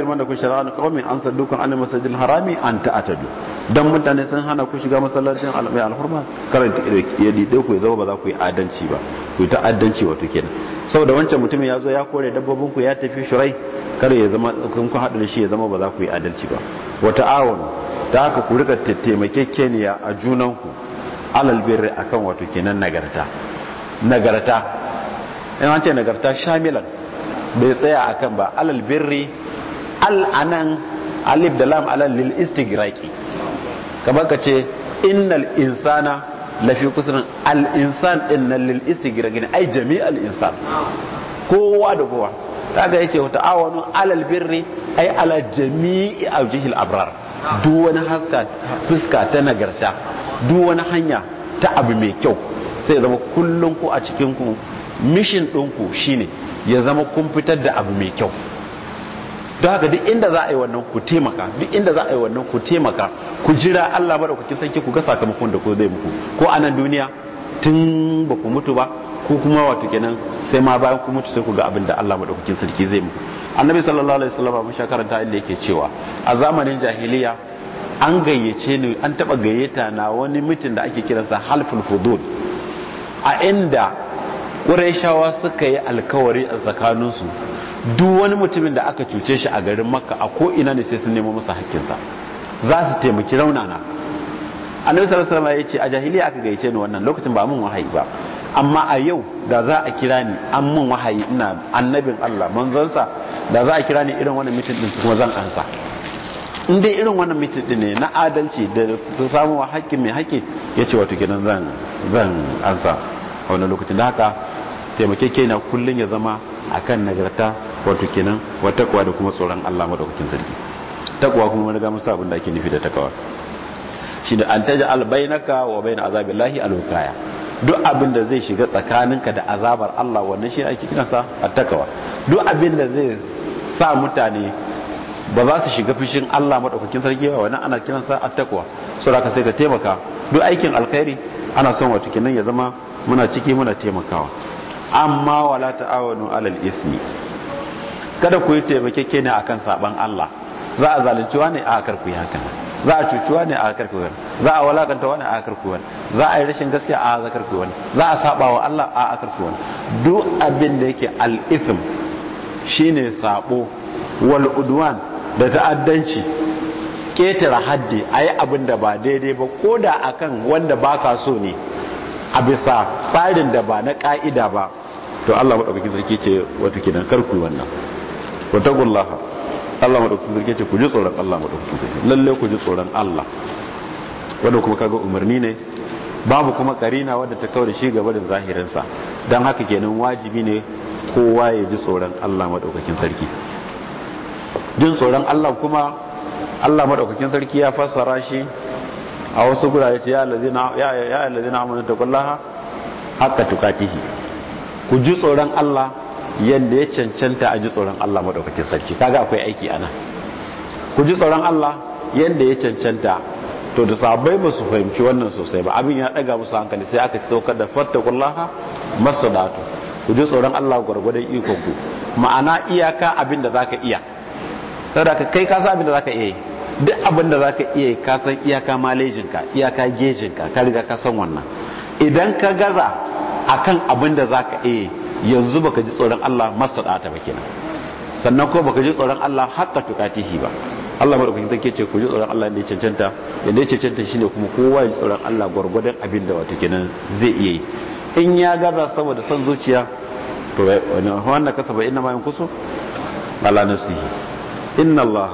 man da kun shara'a na kawai an saddukun an masajin harami an ta'atadu don mutane sun hana ku shiga masallacin mai alhurma karanta ya dide ku ya zama ba za ku yi adalci ba ku yi ta'addanci wato kenan saboda wancan mutumin ya zo ya kore dabbobin ku ya tafi shirai kada ya zama kun ku hadu shi ya zama ba za ku yi adalci ba wata awon ta haka ku rika taimakekeniya a junan ku. alal birri akan wato kenan nagarta nagarta in an nagarta shamilan bai tsaya akan ba alal birri al anan alif da lam alal lil istigraqi kamar ka ce innal insana lafi kusurin al'insan ɗin nan lil'isi gira gini ai jami al'insan kowa da kowa ta yace wata ta'awanu alal birri ai ala jami'i awjihil abrar duk wani haska fuska ta nagarta duk wani hanya ta abu mai kyau sai zama kullun ku a cikin ku mission ɗinku shine ya zama kun fitar da abu mai kyau don haka duk inda za a yi wannan ku taimaka duk inda za a yi wannan ku taimaka ku jira Allah madaukakin sarki ku ga sakamakon da ku zai muku ko a nan duniya tun ba ku mutu ba ko kuma wato kenan sai ma bayan ku mutu sai ku ga abin da Allah madaukakin sarki zai muku annabi sallallahu alaihi wasallam mun sha karanta inda yake cewa a zamanin jahiliya an gayyace ni an taba gayyata na wani mutum da ake kiransa halful hudud a inda kuraishawa suka yi alkawari a tsakaninsu duk wani mutumin da aka cuce shi a garin makka a koina ne sai sun nemo masa hakkinsa za su taimaki raunana A nan sarar sarama ya ce a jahiliya aka gaice ni wannan lokacin ba mun wahayi ba amma a yau da za a kira ni an mun wahayi ina annabin Allah manzansa da za a kira ni irin wannan mitin din kuma zan ansa in dai irin wannan mitin din ne na adalci da samu hakkin mai hakki ce wato kenan zan zan ansa a wani lokacin da haka na kullum ya zama a kan nagarta wato kenan wa takwa da kuma tsoron Allah madaukakin sarki takwa kuma wani riga sabon sa da ake nufi da takawa shi da an taja albainaka wa azabin lahi alwqaya duk abin da zai shiga tsakaninka da azabar Allah wannan shi ake kiransa a takawa duk abin da zai sa mutane ba za su shiga fishin Allah madaukakin sarki ba wannan ana kiransa at-taqwa saboda sai ka taimaka duk aikin alkhairi ana son wato kenan ya zama muna ciki muna taimakawa amma wala ta'awanu alal ismi kada ku yi ke ne akan saban Allah za a zalunci wani a karku ya yi haka za a cuci wani a karku ku za a walakanta wani a karku ku yi za a yi rashin gaskiya a kar karku yi za a saba wa Allah a karku wani. duk abin da yake al shi shine sabo wal udwan da ta'addanci ketare haddi a yi abin da ba daidai ba ko da akan wanda ba ka so ne a bisa tsarin da ba na ka'ida ba to Allah madaukakin sarki ce wato kenan kar wannan wa gullaha, Allah madaukakin sarki ce ku ji tsoron Allah madaukakin sarki lalle ku ji tsoron Allah wanda kuma kaga umarni ne babu kuma karina wanda ta kaure shi gaba da zahirinsa don haka kenan wajibi ne kowa ya ji tsoron Allah maɗaukakin sarki jin tsoron Allah kuma Allah maɗaukakin sarki ya fassara shi a wasu gurare ce ya allazina amanu taqullaha haqqa tuqatihi ku ji tsoron Allah yadda ya cancanta a ji tsoron Allah maɗaukakin sarki kaga akwai aiki ana ku ji tsoron Allah yadda ya cancanta to da sabai ba su fahimci wannan sosai ba abin ya daga musu hankali sai aka saukar da masu datu ku ji tsoron Allah gwargwadon ikon ku ma'ana iyaka abin da zaka iya tada ka kai ka abin da zaka iya yi duk abin da zaka iya ka san iyaka malejinka iyaka gejinka ka riga ka san wannan idan ka gaza a kan abin da za ka iya yanzu baka ji tsoron Allah mastata ba kenan sannan ko baka ji tsoron Allah haqqa tuqatihi ba Allah kwanci take ce ku ji tsoron Allah ne cancanta yadda ya cancanta shine kuma kowa ya ji tsoron Allah gwargwadon abin da wato kenan zai iya yi in ya gaza saboda son zuciya to wannan kasaba inna ma yankusu ala nafsihi inna Allah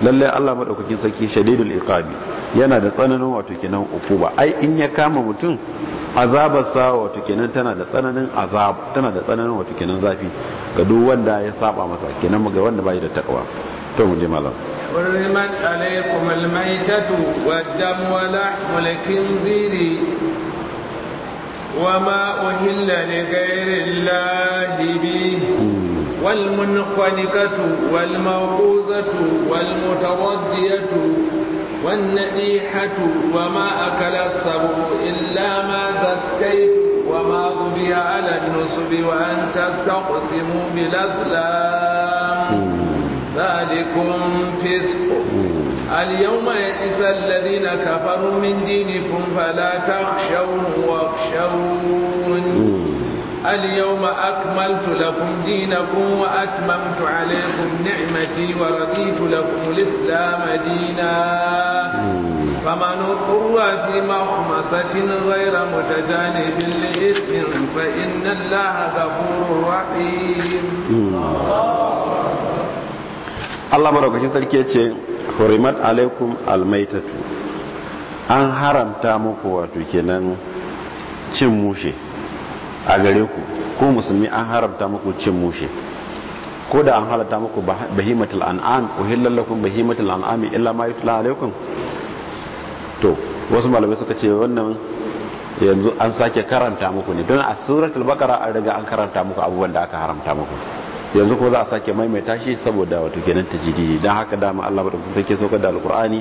lalle Allah madaukakin sarki shadidul iqabi yana da tsananin wato kenan ukuba ai in ya kama mutum azabar sa wato kenan tana da tsananin azab tana da tsananin wato kenan zafi ga duk wanda ya saba masa kenan ga wanda bai da takwa to mu je malam حرمت عليكم الميتة والدم ولحم الخنزير وما أهل لغير الله به والمنخنقة والموقوزة والمتردية والنديحة وما أكل السبع إلا ما ذكيت وما ذبح على النصب وأن تستقسموا بالأسلام ذلكم فسق اليوم يئس الذين كفروا من دينكم فلا تخشوا واخشوا اليوم أكملت لكم دينكم وأتممت عليكم نعمتي ورضيت لكم الإسلام دينا فمن اضطر في مخمصة غير متجانب لإثم فإن الله غفور رحيم Allah madaukakin sarki ya ce, Hurimat alaikum almaitatu, an haramta muku wato kenan cin mushe. a gare ku ko musulmi an haramta muku cin mushe ko da an halatta muku bahimatul an'am uhillal lakum bahimatul an'am illa ma yutla alaikum to wasu malamai suka ce wannan yanzu an sake karanta muku ne don a suratul baqara an riga an karanta muku abubuwan da aka haramta muku yanzu ko za a sake maimaita shi saboda wato kenan tajididi dan haka dama Allah madaukakin ke saukar da alqur'ani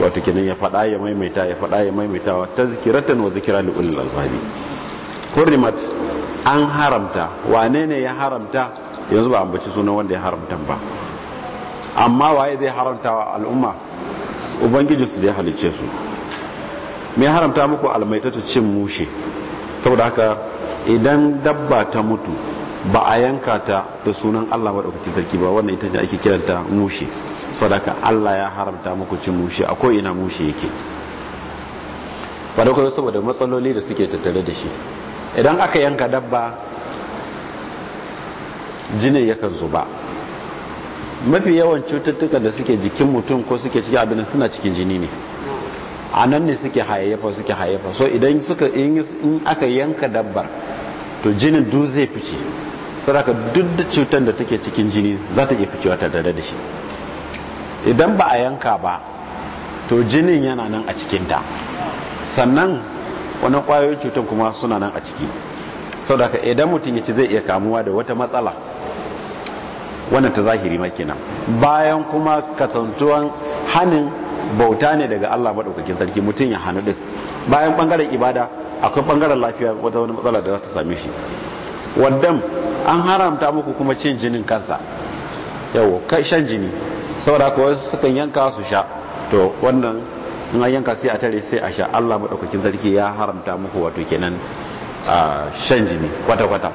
wato kenan ya fada ya maimaita ya fada ya maimaita ta tazkiratan wa zikra li ulil albabi hurrimat an haramta wane ne ya haramta yanzu ba ambaci sunan wanda ya haramta ba amma waye zai haramta wa al'umma ubangiji su da ya halice su me haramta muku ta cin mushe saboda haka idan dabba ta mutu ba a yanka ta da sunan Allah maɗaukacin sarki ba wannan ita ce ake kiranta mushe sadaka Allah ya haramta muku cin mushe a ina mushe yake ba da saboda matsaloli da suke tattare da shi idan aka yanka dabba jini yakan zuba mafi yawan cututtuka da suke jikin mutum ko suke cikin abin suna cikin jini ne a nan ne suke hayayyafa suke hayayyafa so idan suka in aka yanka dabbar to jinin du zai fice saraka duk da cutar da take cikin jini za ta iya ficewa ta dare da shi idan ba a yanka ba to jinin yana nan a cikinta sannan wannan kwayoyin cutar kuma suna nan a ciki sau da idan mutum ya ci zai iya kamuwa da wata matsala wannan ta zahiri makina bayan kuma kasantuwan hannun bauta ne daga allah maɗaukakin sarki mutum ya hannu ɗin bayan ɓangaren ibada akwai ɓangaren lafiya wata wani matsala da za ta same shi wadam an haramta muku kuma cin jinin kansa yau Kai shan jini saboda wasu sukan yanka su sha to wannan in an yanka sai a tare sai a sha Allah madaukakin sarki ya haramta muku wato kenan a shan jini kwata kwata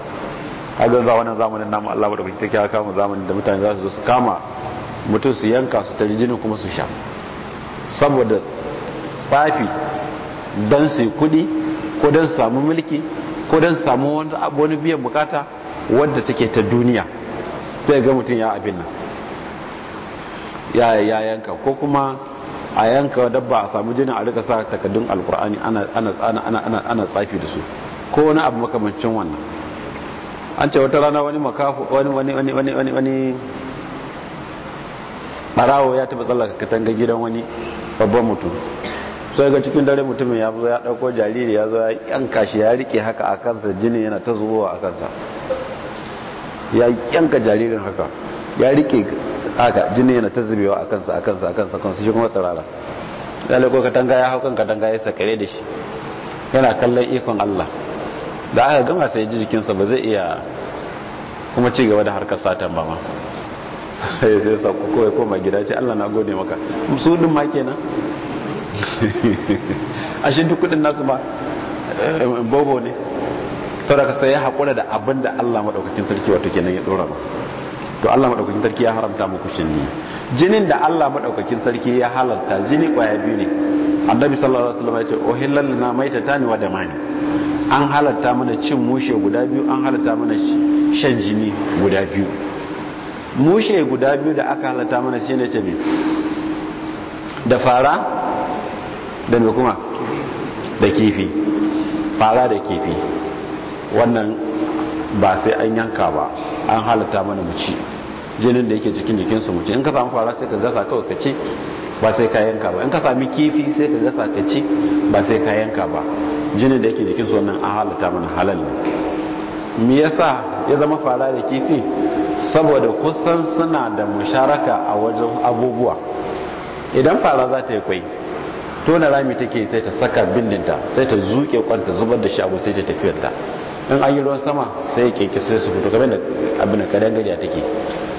a ga za wannan zamanin namu Allah madaukakin take ya kama zamanin da mutane za su zo su kama mutum su yanka su tare jini kuma su sha saboda tsafi dan su kuɗi ko dan samu mulki ko dan samu wani biyan bukata wadda take ta duniya zai ga mutum ya abin nan ya yanka ko kuma a yanka dabba a samu jinin a rika sa takaddun alkur'ani ana tsafi da su ko wani abu makamancin wannan an ce wata rana wani makafu wani wani wani wani wani wani barawo ya taba tsallaka katanga gidan wani babban mutum sai ga cikin dare mutumin ya zo ya dauko jariri ya zo ya yanka shi ya rike haka a kansa jini yana ta zuwa a kansa ya yanka jaririn haka ya rike haka jini yana ta zubewa a kansa a kansa a kansa kansa shi kuma tsirara lalle ko katanga ya hau kan katanga ya sakare da shi yana kallon ikon Allah da aka gama sai ji jikinsa ba zai iya kuma ci gaba da harkar satan ba ma sai sai sako kawai koma gida ce Allah na gode maka su din ma kenan shi duk kudin nasu ba eh, bobo ne saboda sai ya haƙura da abin da Allah maɗaukakin sarki wato kenan ya ɗora masa to Allah madaukakin sarki ya haramta muku shinni jinin da Allah madaukakin sarki ya halalta jini kwaya biyu ne annabi sallallahu alaihi wasallam ya ce uhillal lana maitatani wa mani an halalta mana cin mushe guda biyu an halalta mana shan jini guda biyu mushe guda biyu da aka halalta mana shi ne ce ne da fara da me kuma da kifi fara da kifi wannan ba sai an yanka ba an halatta mana mu ci jinin da yake cikin jikinsu mu ci in ka samu fara sai ka gasa kawai ka ci ba sai ka yanka ba in ka sami kifi sai ka gasa ka ci ba sai ka yanka ba jinin da yake jikinsu wannan an halatta mana halal ne me yasa ya zama fara da kifi saboda kusan suna da musharaka a wajen abubuwa idan fara za ta yi kwai tona rami take sai ta saka bindinta sai ta zuke kwanta zubar da abu sai ta ta in an yi ruwan sama sai ya keke sai su fito kamar da abin da kadan gariya take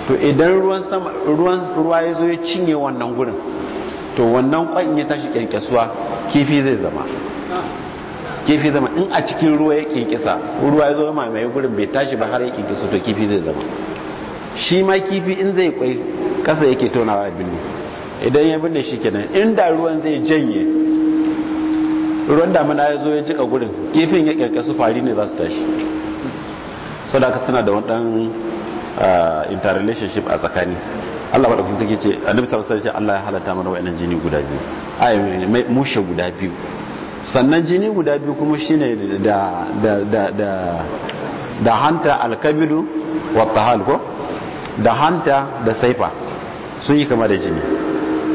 to idan ruwan sama ruwan ruwa ya zo ya cinye wannan gurin to wannan kwan ya tashi kyankasuwa kifi zai zama kifi zama in a cikin ruwa ya kinkisa ruwa ya zo ya mamaye gurin bai tashi ba har ya kinkisa to kifi zai zama shi ma kifi in zai kwai kasa yake tonawa abin ne idan ya binne shi kenan inda ruwan zai janye ruwan damina ya zo ya jika gurin kifin ya su fari ne za su tashi sadaka suna da wadannan interrelationship a tsakani Allah ba da kuma take ce annabi sallallahu alaihi Allah ya halatta mana wa'inan jini guda biyu ayi mushe guda biyu sannan jini guda biyu kuma shine da da hanta alkabidu wa tahal ko da hanta da saifa sun yi kama da jini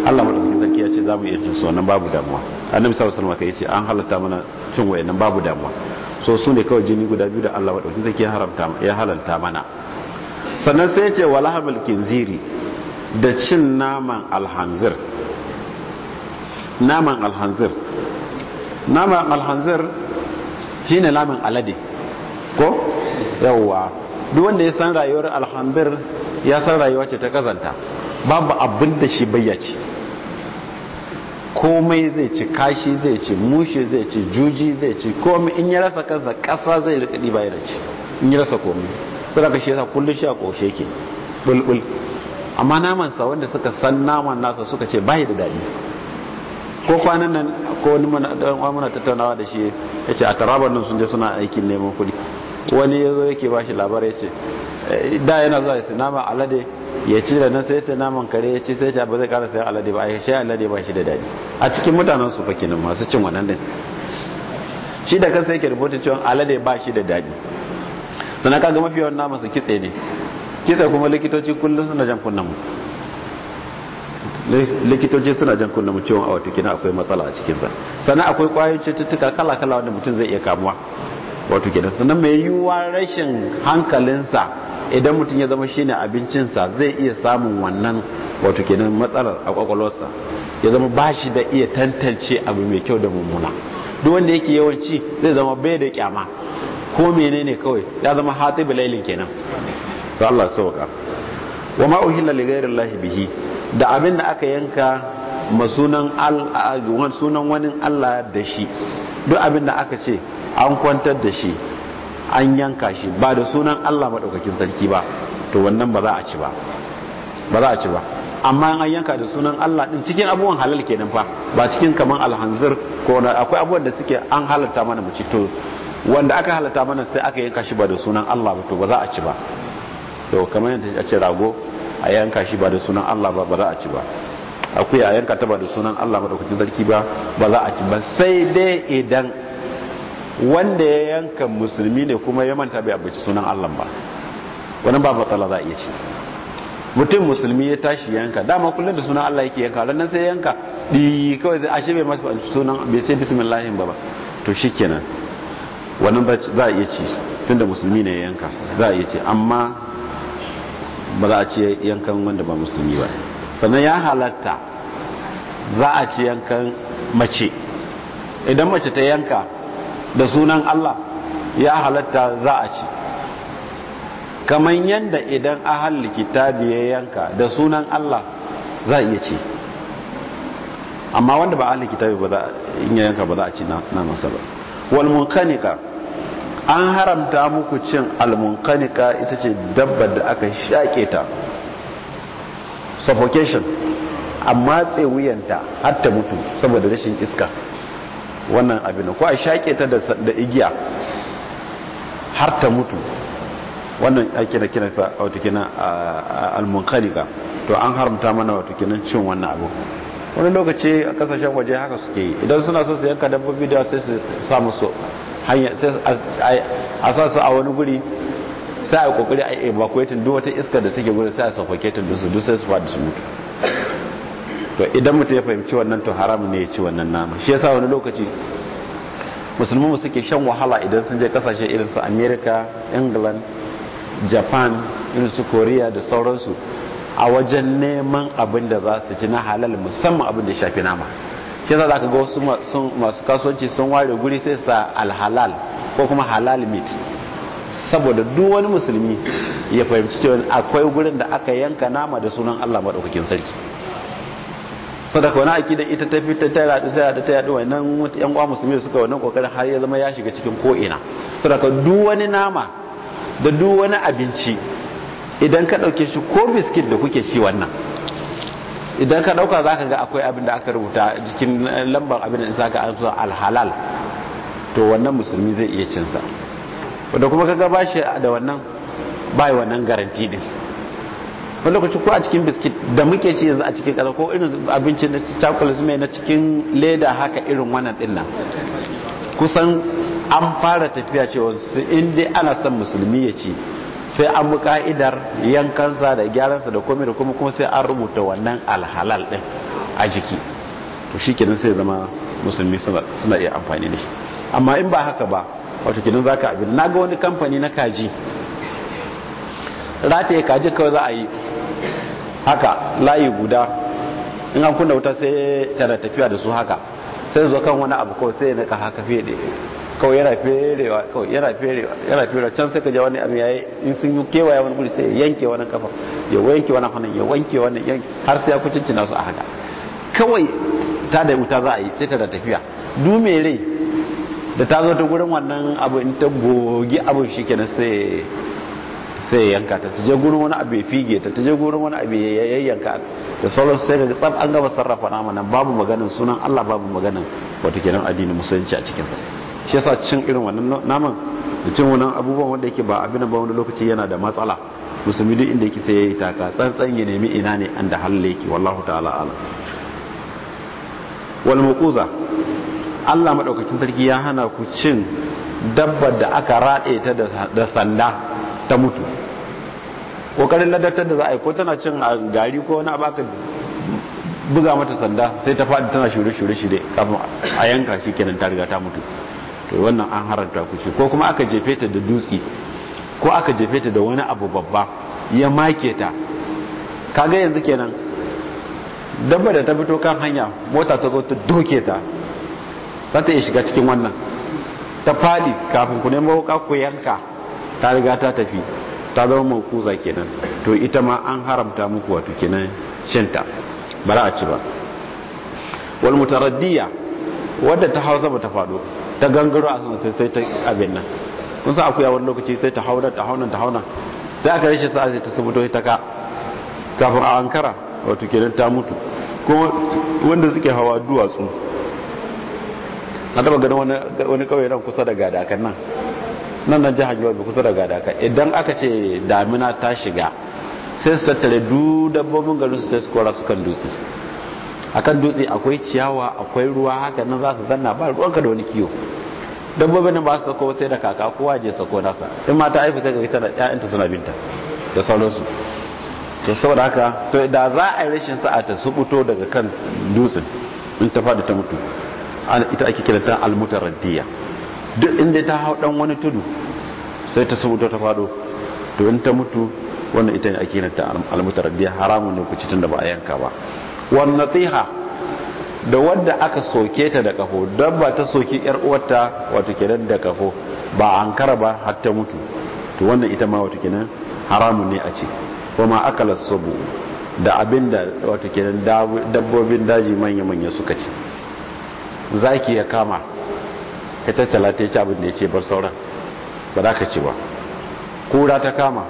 Allah madaukakin sarki ya ce za mu iya cin sonan babu damuwa annabi sallallahu alaihi wasallam ce an halatta mana cin wayannan babu damuwa so su ne kawai jini guda biyu da Allah wadauki zaki ya haramta ya halalta mana sannan sai ya ce wala hamal kinziri da cin naman alhanzir naman alhanzir naman alhanzir shine naman alade ko yawwa duk wanda ya san rayuwar alhanzir ya san rayuwa ce ta kazanta babu abin da shi bayyace komai zai ci kashi zai ci mushe zai ci juji zai ci komai in ya rasa kansa kasa zai rika bayan ya ci in ya rasa komai sai ka shi yasa kullun shi a koshe ke bulbul amma namansa wanda suka san naman nasa suka ce bai da dadi ko kwanan nan ko wani mana tattaunawa da shi yace a taraban nan sun je suna aikin neman kuɗi wani ya zo yake ba shi labarai ce eh, da yana zuwa su naman alade ya ci da nan sai sai naman kare ya ci sai ta ba zai kara sayan alade ba a shi alade ba shi da daɗi a cikin mutanen su fakin masu cin wannan din shi da kansa yake rubuta cewa alade ba shi da daɗi sannan kaga mafi yawan naman su kitse ne kitse kuma likitoci kullum suna jan kunnan mu likitoci suna jan kunna mu ciwon awa kina akwai matsala a cikinsa sannan akwai kwayoyin cututtuka kala-kala wanda mutum zai iya kamuwa wato kenan sannan mai yiwuwa rashin hankalinsa idan mutum ya zama shine abincinsa zai iya samun wannan wato kenan matsalar a kwakwalwarsa ya zama ba shi da iya tantance abu mai kyau da mummuna duk wanda yake yawanci zai zama bai da kyama ko menene kawai ya zama hatsi bilailin kenan to Allah sauka wa ma uhilla li ghairi Allah bihi da abin da aka yanka masunan sunan wani Allah da shi duk abin da aka ce an kwantar da shi an yanka shi ba da sunan Allah maɗaukakin sarki ba to wannan ba za a ci ba ba za a ci ba amma an yanka da sunan Allah din cikin abubuwan halal kenan fa ba cikin kaman alhanzir ko na akwai abubuwan da suke an halarta mana mu ci to wanda aka halarta mana sai aka yanka shi ba da sunan Allah ba to ba za a ci ba to kamar yadda a ce rago a yanka shi ba da sunan Allah ba ba za a ci ba akwai a yanka ta ba da sunan Allah maɗaukakin sarki ba ba za a ci ba sai dai idan wanda ya yanka musulmi ne kuma ya manta bai abinci sunan Allah ba wani ba matsala za a iya ce mutum musulmi ya tashi yanka dama kullum da sunan Allah yake yanka ranar sai yanka di kawai zai ashe bai masa sunan bai sai bismillahi ba ba to shikenan wannan za a iya ce tunda musulmi ne ya yanka za a iya ce amma ba za a ce yankan wanda ba musulmi ba sannan ya halatta za a ce yankan mace idan mace ta yanka da sunan Allah ya halatta za a ci kamar yadda idan ahal likitabi ya yanka da sunan Allah za a iya ci amma wanda ba ahal likitabi ba za a yanka ba za a ci na masa ba Walmun an haramta muku cin almunkanika ita ce dabbar da aka shaƙe ta suffocation amma tsewuyanta wuyanta har ta mutu saboda rashin iska wannan abin ko a shaƙe ta da igiya har ta mutu wannan ake da kinasa wato kenan al munkaliga to an haramta mana wato kenan cin wannan abu wani lokaci a kasashen waje haka suke yi idan suna so su yanka dabbobi da sai su samu so hanya sai a sa su a wani guri sai a kokari a evacuating duk wata iska da take gudu sai a suffocate din su duk sai su fadi su mutu to idan mutum ya fahimci wannan to haram ne ya ci wannan nama shi yasa wani lokaci musulmi mu suke shan wahala idan sun je kasashe irin su America England Japan irin su Korea da sauransu a wajen neman abin da za su ci na halal musamman abin da shafi nama shi yasa ka ga wasu masu kasuwanci sun ware guri sai sa alhalal ko kuma halal meat saboda duk wani musulmi ya fahimci cewa akwai gurin da aka yanka nama da sunan Allah madaukakin sarki sadaka wani aiki da ita ta fi ta tara da tsaya da ta yadu wannan yan uwa musulmi da suka wannan kokarin har ya zama ya shiga cikin ko'ina ina sadaka duk wani nama da duk wani abinci idan ka ɗauke shi ko biskit da kuke ci wannan idan ka ɗauka zaka ga akwai abin da aka rubuta jikin lambar abin da isa ka an zuwa alhalal to wannan musulmi zai iya cinsa sa wanda kuma ga bashi da wannan bai wannan garanti din wani lokaci ko a cikin biskit da muke ci yanzu a cikin kasa ko irin abincin na chocolate mai na cikin leda haka irin wannan dinnan kusan an fara tafiya cewa su inda ana son musulmi ya ci sai an bi ka'idar yankansa da gyaransa da komai da kuma kuma sai an rubuta wannan alhalal din a jiki to shi kenan sai zama musulmi suna iya amfani da shi amma in ba haka ba wato kenan za ka abin na ga wani kamfani na kaji rataye kaji kawai za a yi haka layi guda in an kunna wuta sai tana tafiya da su haka sai zo kan wani abu kawai sai na haka fede kawai yana ferewa kawai yana ferewa yana ferewa can sai ka ja wani abu yayi in sun yi kewaye wani guri sai yanke wani kafa ya wanke wani hannun ya wanke wani yanke har sai ya cina su a haka kawai ta da wuta za a yi sai tana tafiya dume rai da ta zo ta gurin wannan abu in ta gogi abu shi kenan sai sai ya yanka ta je gurin wani abu ya fige ta je gurin wani abu ya yayyanka da sauran sai ga tsab an gaba sarrafa nama nan babu maganin sunan Allah babu maganin wato kenan addinin musulunci a cikin sa shi yasa cin irin wannan naman da cin wannan abubuwan wanda yake ba abin ba wani lokaci yana da matsala musulmi duk inda yake sai ya yi taka tsantsan ya nemi ina ne an da halle yake wallahu ta'ala ala wal muquza Allah madaukakin sarki ya hana ku cin dabbar da aka rade ta da sanda ta mutu kokarin ladattar da za a yi ko tana cin ah, gari ko wani abaka buga mata sanda sai ta faɗi tana shirye shirye shirye kafin a yanka shi kenan ta riga ta mutu to wannan an haranta kuce ko kuma aka jefe ta da dutse ko aka jefe ta da wani abu babba ya make ta kaga yanzu kenan dabba da ta fito kan hanya mota ta zo ta doke ta za ta iya shiga cikin wannan ta faɗi kafin ku nemo wuka ku yanka ta riga ta tafi ta zama kuza kenan to ita ma an haramta muku wato kenan shinta ba za a ci ba wal mutaraddiya wadda ta hausa ba ta faɗo ta gangaro a sanar sai ta abin nan kun sa akuya wani lokaci sai ta hauna ta hauna ta hauna sai aka rashin sa'a sai ta sabuto ita ka kafin a ankara wato kenan ta mutu kuma wanda suke hawa duwatsu a taba ganin wani kawai nan kusa da gadakan nan nan na jihar yobe kusa da gadaka idan aka ce damina ta shiga sai su tattare du dabbobin garin su sai su kora su kan dutse a kan dutse akwai ciyawa akwai ruwa haka nan za su zanna ba ka da wani kiyo dabbobin nan ba su sako sai da kaka kowa je sako nasa in ma ta haifu sai ga ita da suna binta da sauransu to saboda haka to da za a yi rashin sa'a ta su fito daga kan dutsen in ta fada ta mutu ita ake kiranta al-mutaraddiya duk inda ta hau dan wani tudu sai ta samuto ta fado to in ta mutu wannan ita ne ake nata almutaraddiya haramun ne ku tun da ba a yanka ba wan natiha da wadda aka soke ta da kafo dabba ta soki yar uwarta wato kenan da kafo ba kara ba har ta mutu to wannan ita ma wato kenan haramun ne a ce kuma akala sabu da abinda wato kenan dabbobin daji manya-manya suka ci zaki ya kama ka tattala ta ci abin da ya ce bar sauran ba za ka ci ba kura ta kama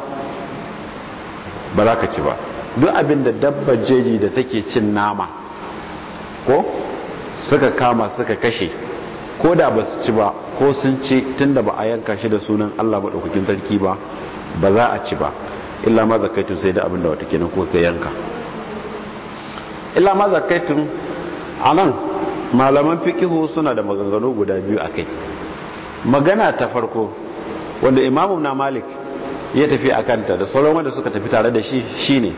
ba za ka ci ba duk abin da dabbar jeji da take cin nama ko suka kama suka kashe ko da ba su ci ba ko sun ci tun da ba a yanka shi da sunan allah maɗaukakin sarki ba ba za a ci ba illa ma zakaitun sai da abin da wata kenan ko ka yanka illa ma zakaitun a nan malaman fikihu suna da maganganu guda biyu a kai magana ta farko wanda imamu na malik ya tafi a kanta da sauran wanda suka tafi tare da shi shine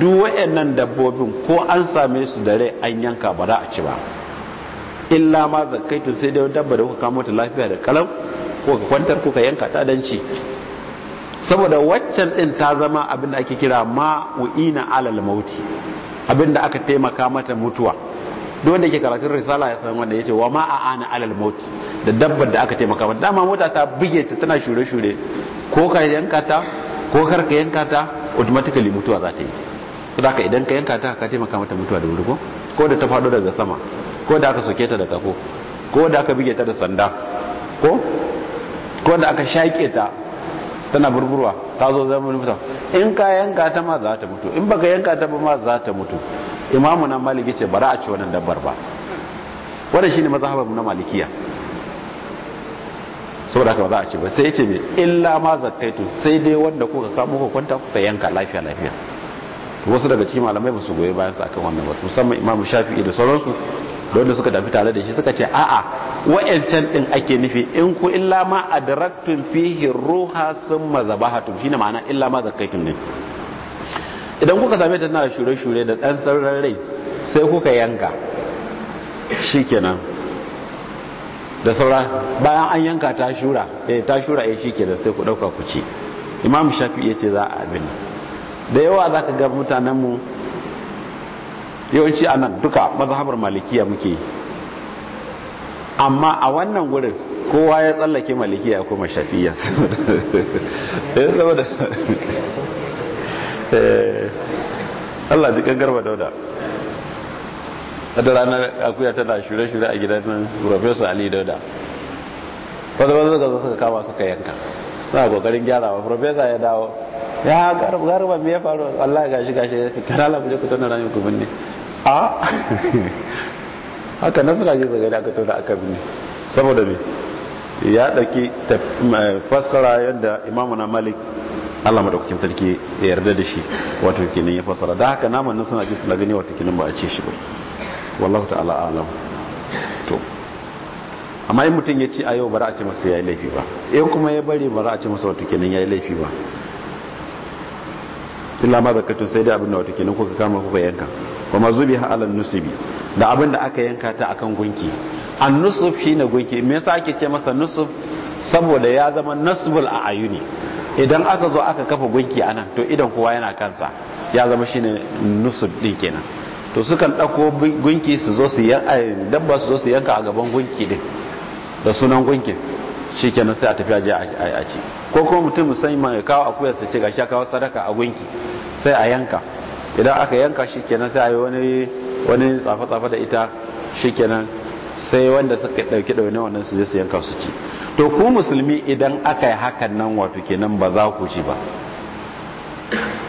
duk nan dabbobin ko an same su da rai an yanka ba za a ci ba illa ma zakaitu sai dai dabba da kuka kamo ta lafiya da kalam ko ka kwantar ko ka yanka ta danci saboda waccan din ta zama abin ake kira ma'u'ina alal mauti abin da aka taimaka mata mutuwa duk wanda yake karatun risala ya san wanda yace wa ma a ana alal maut da dabbar da aka taimaka mata dama mota ta buge ta tana shure shure ko ka yanka ta ko kar ka yanka ta automatically mutuwa za ta yi saboda idan ka yanka ta ka taimaka mata mutuwa da wuri ko ko da ta faɗo daga sama ko da aka soke ta da kafo ko da aka buge ta da sanda ko ko da aka shake ta tana burburwa ta zo zama mutu in ka yanka ta ma za ta mutu in baka yanka ta ba ma za ta mutu imamu na maliki ce bara a ci wannan dabbar ba shi shine mazhabar na malikiya saboda haka ba za a ci ba sai yace mai illa ma zakkaitu sai dai wanda kuka kamo ka kwanta kuka yanka lafiya lafiya wasu daga cikin malamai ba su goyi bayan su akan wannan ba musamman imamu shafi'i da sauransu don da suka tafi tare da shi suka ce a'a wa'ancan din ake nufi in ku illa ma adraktum fihi ruha summa zabahatum shine ma'ana illa ma zakkaitum ne idan kuka same ta na shure-shure da ɗan tsarran rai sai kuka yanka shikenan da saura bayan an yanka ta shura eh ta shura eh shikenan sai ku ɗauka ku ci imam shafi ya ce za a abin da yawa za ka ga mutanenmu yawanci a nan duka mazhabar malikiya muke amma a wannan wurin kowa ya tsallake malikiya kuma shafiya eh, saboda Eh, Allah ji garba dauda da ranar akuya tana shure-shure a gidan nan professor ali dauda wadda wadda suka suka kama suka yanka suna kokarin gyarawa professor ya dawo ya garba me ya faru Allah ga gashi gashi ya ce kana lafi ku tana ranar ku binne a haka nan suna jin zagari aka tona aka binne saboda me ya ɗauki fassara yadda imamu malik Allah madaukakin sarki ya yarda da shi wato kenan ya fassara da haka naman nan suna ji na gani wato kenan ba a ce shi ba wallahu ta'ala alam to amma in mutum ya ce a yau ba a ce masa ya yi laifi ba in kuma ya bari ba a ce masa wato kenan ya yi laifi ba illa ma zakatun sai dai abin da wato kenan kuka kama kuka yanka kuma zubi ha alal nusubi da abin da aka yanka ta akan gunki an nusuf shine gunki me yasa ake ce masa nusuf saboda ya zama nasbul a ayuni idan aka zo aka kafa gunki anan to idan kowa yana kansa ya zama shine nusud din kenan to sukan ɗauko gunki su zo su yanka dabba su zo su yanka a gaban gunki din da sunan gunkin shi kenan sai a tafiya aje a ci ko kuma mutum musamman ya kawo akuyar sa ce ga shi kawo sadaka a gunki sai a yanka idan aka yanka shi kenan sai a yi wani wani tsafa-tsafa da ita shi kenan sai wanda suka ɗauki ɗaune wannan su je su yanka su ci to ku musulmi idan aka yi hakan nan wato kenan ba za ku ci ba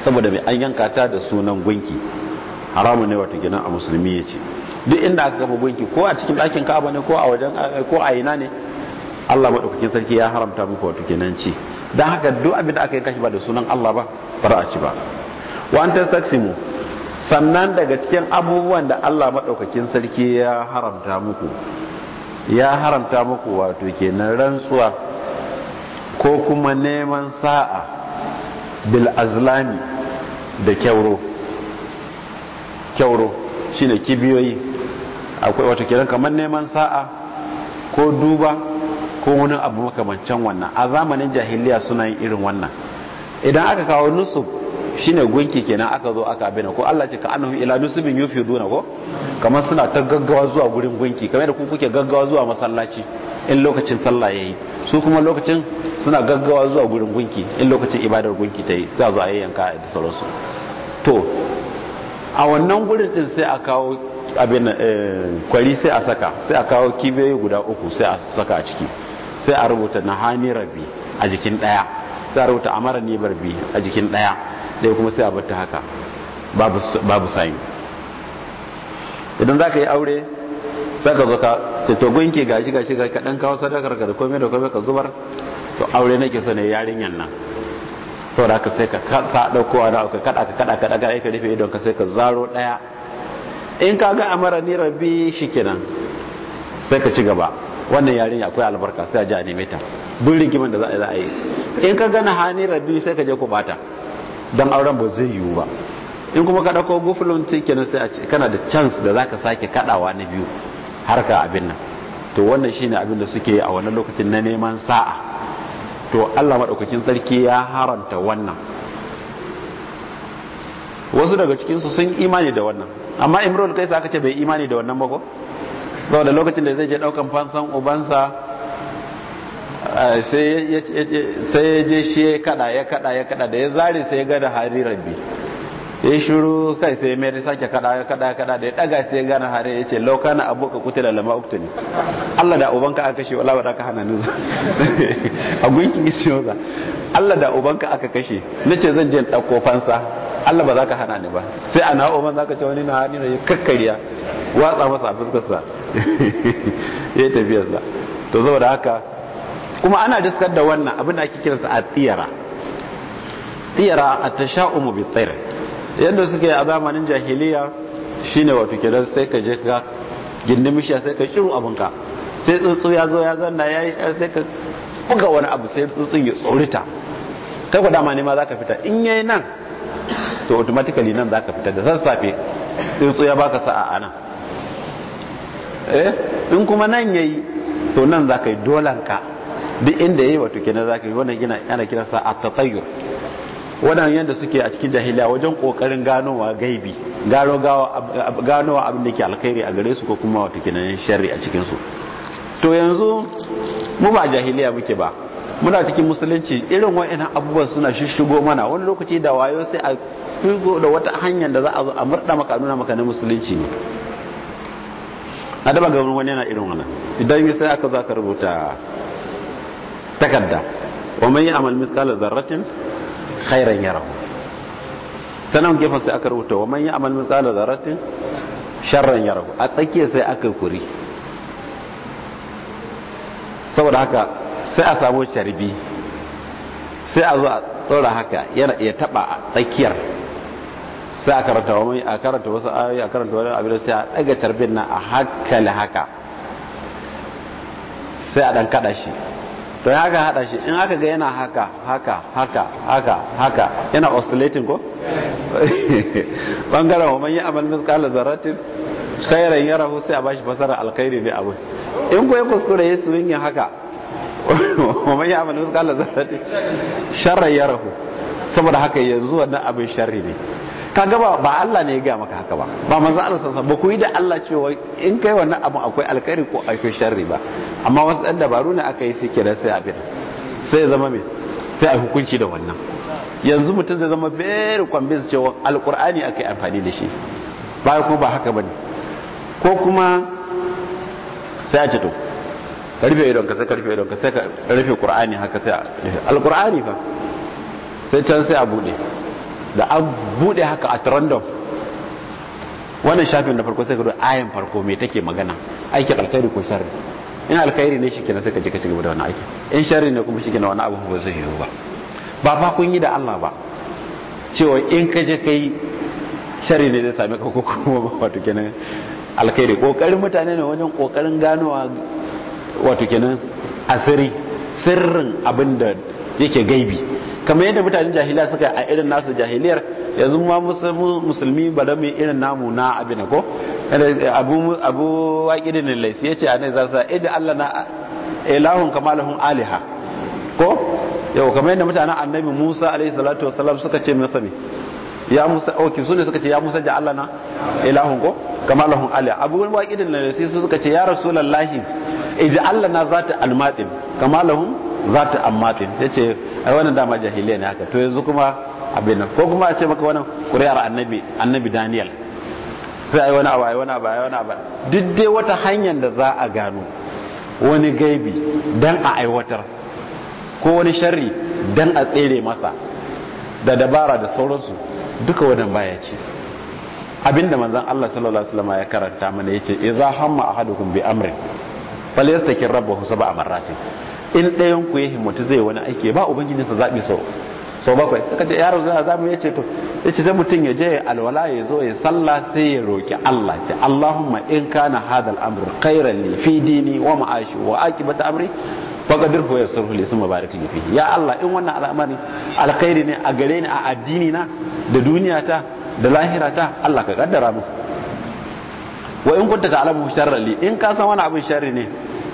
saboda mai an yanka ta da sunan gunki haramun ne wato kenan a musulmi ya ce duk inda aka gaba gunki ko a cikin ɗakin ka'aba ne ko a wajen ko a ina ne Allah maɗaukakin sarki ya haramta muku wato kenan ci don haka duk abin da aka yi kashi ba da sunan Allah ba ba a ci ba wa anta saksimu sannan daga cikin abubuwan da Allah maɗaukakin sarki ya haramta muku ya haramta muku wato kenan rantsuwa ko kuma neman sa'a bil azlami da kyauro kyauro shine kibiyoyi akwai wata kenan kamar neman sa'a ko duba ko wani abu makamancin wannan a zamanin jahiliya suna yin irin wannan idan aka kawo nusuf shine gunki kenan aka zo aka abina ko Allah ce ka annahu ila nusbin yufiduna ko kamar suna ta gaggawa zuwa gurin gunki kamar da ku kuke gaggawa zuwa masallaci in lokacin sallah yayi su kuma lokacin suna gaggawa zuwa gurin gunki in lokacin ibadar gunki tayi za zo a yanka da sauransu to a wannan gurin din sai a kawo abin eh, kwari sai a saka sai a kawo kibiyoyi guda uku sai a saka a ciki sai a rubuta nahani rabi a jikin daya sai a rubuta amara ne barbi a jikin daya ɗaya kuma sai a bata haka babu sayin idan za ka yi aure sai ka zo ka to gunki gashi gashi ga kaɗan kawo sadakar ka da komai da komai ka zubar to aure nake so ne yarinyan nan da haka sai ka ka dauko ana ka kada ka kada ka daga ka rufe idon ka sai ka zaro daya in ka ga amara ni rabi shi kenan sai ka ci gaba wannan yarinya akwai albarka sai a ji a nemeta. ta duk rigiman da za a yi in ka gana hani rabi sai ka je ku bata don auren ba zai yiwu ba in kuma ka ɗauko gufulun cikin sai a ce kana da chance da zaka sake kaɗawa na biyu har ka abin nan to wannan shine abin da suke a wannan lokacin na neman sa'a to Allah madaukakin sarki ya haranta wannan wasu daga cikin su sun imani da wannan amma Imrul Kais aka ce bai imani da wannan ba ko saboda lokacin da zai je daukan fansan ubansa sai ya je shi ya kada ya kada ya kada da ya zari sai ya gada hari rabbi ya shiru kai sai mai sake kada ya kada ya kada da ya daga sai ya gana hari ya ce laukana aboka da lama uktani Allah da ubanka aka kashe wala ka hana ni a gunkin isiyonsa Allah da ubanka aka kashe ce zan je dauko fansa Allah ba za ka hana ni ba sai ana oman za ka ce wani na hannu ya kakkariya watsa masa a fuskarsa ya yi tafiyarsa to saboda haka kuma ana diskar da wannan abin da ake kiransa a tiyara, tiyara a tasha'umu bi tsir yadda suke a zamanin jahiliya shine wato kiran sai ka je ka gindin mishiya sai ka shiru abinka sai tsuntsu ya zo ya zanna ya yi sai ka buga wani abu sai tsuntsu ya tsorita kai ku dama nema ma za ka fita in yi nan to automatically nan za ka fita da sassafe tsuntsu ya baka sa'a a nan eh in kuma nan yayi to nan za ka yi dolanka duk inda yayi wato kenan zaka yi wannan yana ana kira sa at-tatayyur wannan yanda suke a cikin jahiliya wajen kokarin ganowa gaibi gano ganowa abin da ke alkhairi a gare su ko kuma wato kenan sharri a cikin su to yanzu mu ba jahiliya muke ba muna cikin musulunci irin wa'annan abubuwan suna shishigo mana wani lokaci da wayo sai a shigo da wata hanyar da za a zo a murda maka nuna maka na musulunci ne a daba ga wani yana irin wannan idan sai aka za ka rubuta takadda wa man ya'mal mithqala dharratin khayran yarahu sanan gefen sai aka rubuta wa man ya'mal mithqala dharratin sharran yarahu a tsakiya sai aka kuri saboda haka sai a samu sharbi sai a zo a tsora haka yana iya taba a tsakiyar sai a karanta wani a karanta wasu ayoyi a karanta wani abin sai a daga tarbin nan a hankali haka sai a dan kada shi to ya ga hada shi in aka ga yana haka haka haka haka haka yana oscillating ko bangaren wa man yi amal zaratin zarratin khairan yarahu sai a bashi fasara alkhairi ne abu in ko ya kuskure ya suwin yin haka wa man yi amal zaratin sharar yara yarahu saboda haka yanzu wannan abin shari ne kaga ba ba Allah ne ya gaya maka haka ba ba manzo Allah sallallahu ba ku yi da Allah cewa in kai wannan abu akwai alkhairi ko akwai sharri ba amma wasu ɗan dabaru ne aka yi su kira sai abin sai zama me sai a hukunci da wannan yanzu mutum zai zama very convinced cewa alkur'ani aka yi amfani da shi ba ko ba haka bane ko kuma sai a ce to karfe idon ka sai karfe idon ka sai ka rufe qur'ani haka sai alkur'ani fa sai can sai a bude da an bude haka at random wannan shafin na farko sai ka ayan farko me take magana aikin alkhairi ko sharri in alkhairi ne shi kenan sai ka je ka ci gaba da wannan aikin in sharri ne kuma shi kenan wani abu ba zai yiwu ba ba ba kun yi da Allah ba cewa in ka je kai sharri ne zai same ka ko kuma wato kenan alkhairi kokarin mutane ne wajen kokarin ganowa wato kenan asiri sirrin abinda yake gaibi kamar yadda mutanen jahiliya suka a irin nasu jahiliyar yanzu ma musulmi ba da mai irin namu na abin ko abu abu waqirin laifi yace anai zarsa eja Allah na ilahun kamalahum aliha ko yau kamar yadda mutanen annabi Musa alaihi salatu wasallam suka ce masa ne ya Musa okay sune suka ce ya Musa ja Allah na ilahun ko kamalahum aliha abu waqirin laifi suka ce ya rasulullahi eja Allah na zata almatin kamalahum za ta amma ta ya ce ai wannan dama jahiliya ne haka to yanzu kuma abin nan ko kuma a ce maka wannan ƙuri'ar annabi annabi daniel sai ai wani abu ai wani abu ai wani abu duk dai wata hanyar da za a gano wani gaibi dan a aiwatar ko wani sharri dan a tsere masa da dabara da sauransu duka wannan baya ce abinda manzon Allah sallallahu alaihi wasallam ya karanta mana yace idza hamma ahadukum bi amrin falyastakir rabbahu sab'a marratin in ɗayan ku ya himmatu zai wani aiki ba ubangiji sa zaɓi sau sau bakwai suka ce yaro zai zaɓi ya ce to ya ce zai mutum ya je alwala ya zo ya sallah sai ya roƙi Allah ce Allahumma in kana hadal amru khairan li fi dini wa ma'ashi wa aqibata amri qadir huwa yasruhu li summa barik li fihi ya Allah in wannan al'amari alkhairi ne a gare ni a addini na da duniya ta da lahira ta Allah ka kaddara mu wa in kunta ta'lamu sharri li in ka san wani abin sharri ne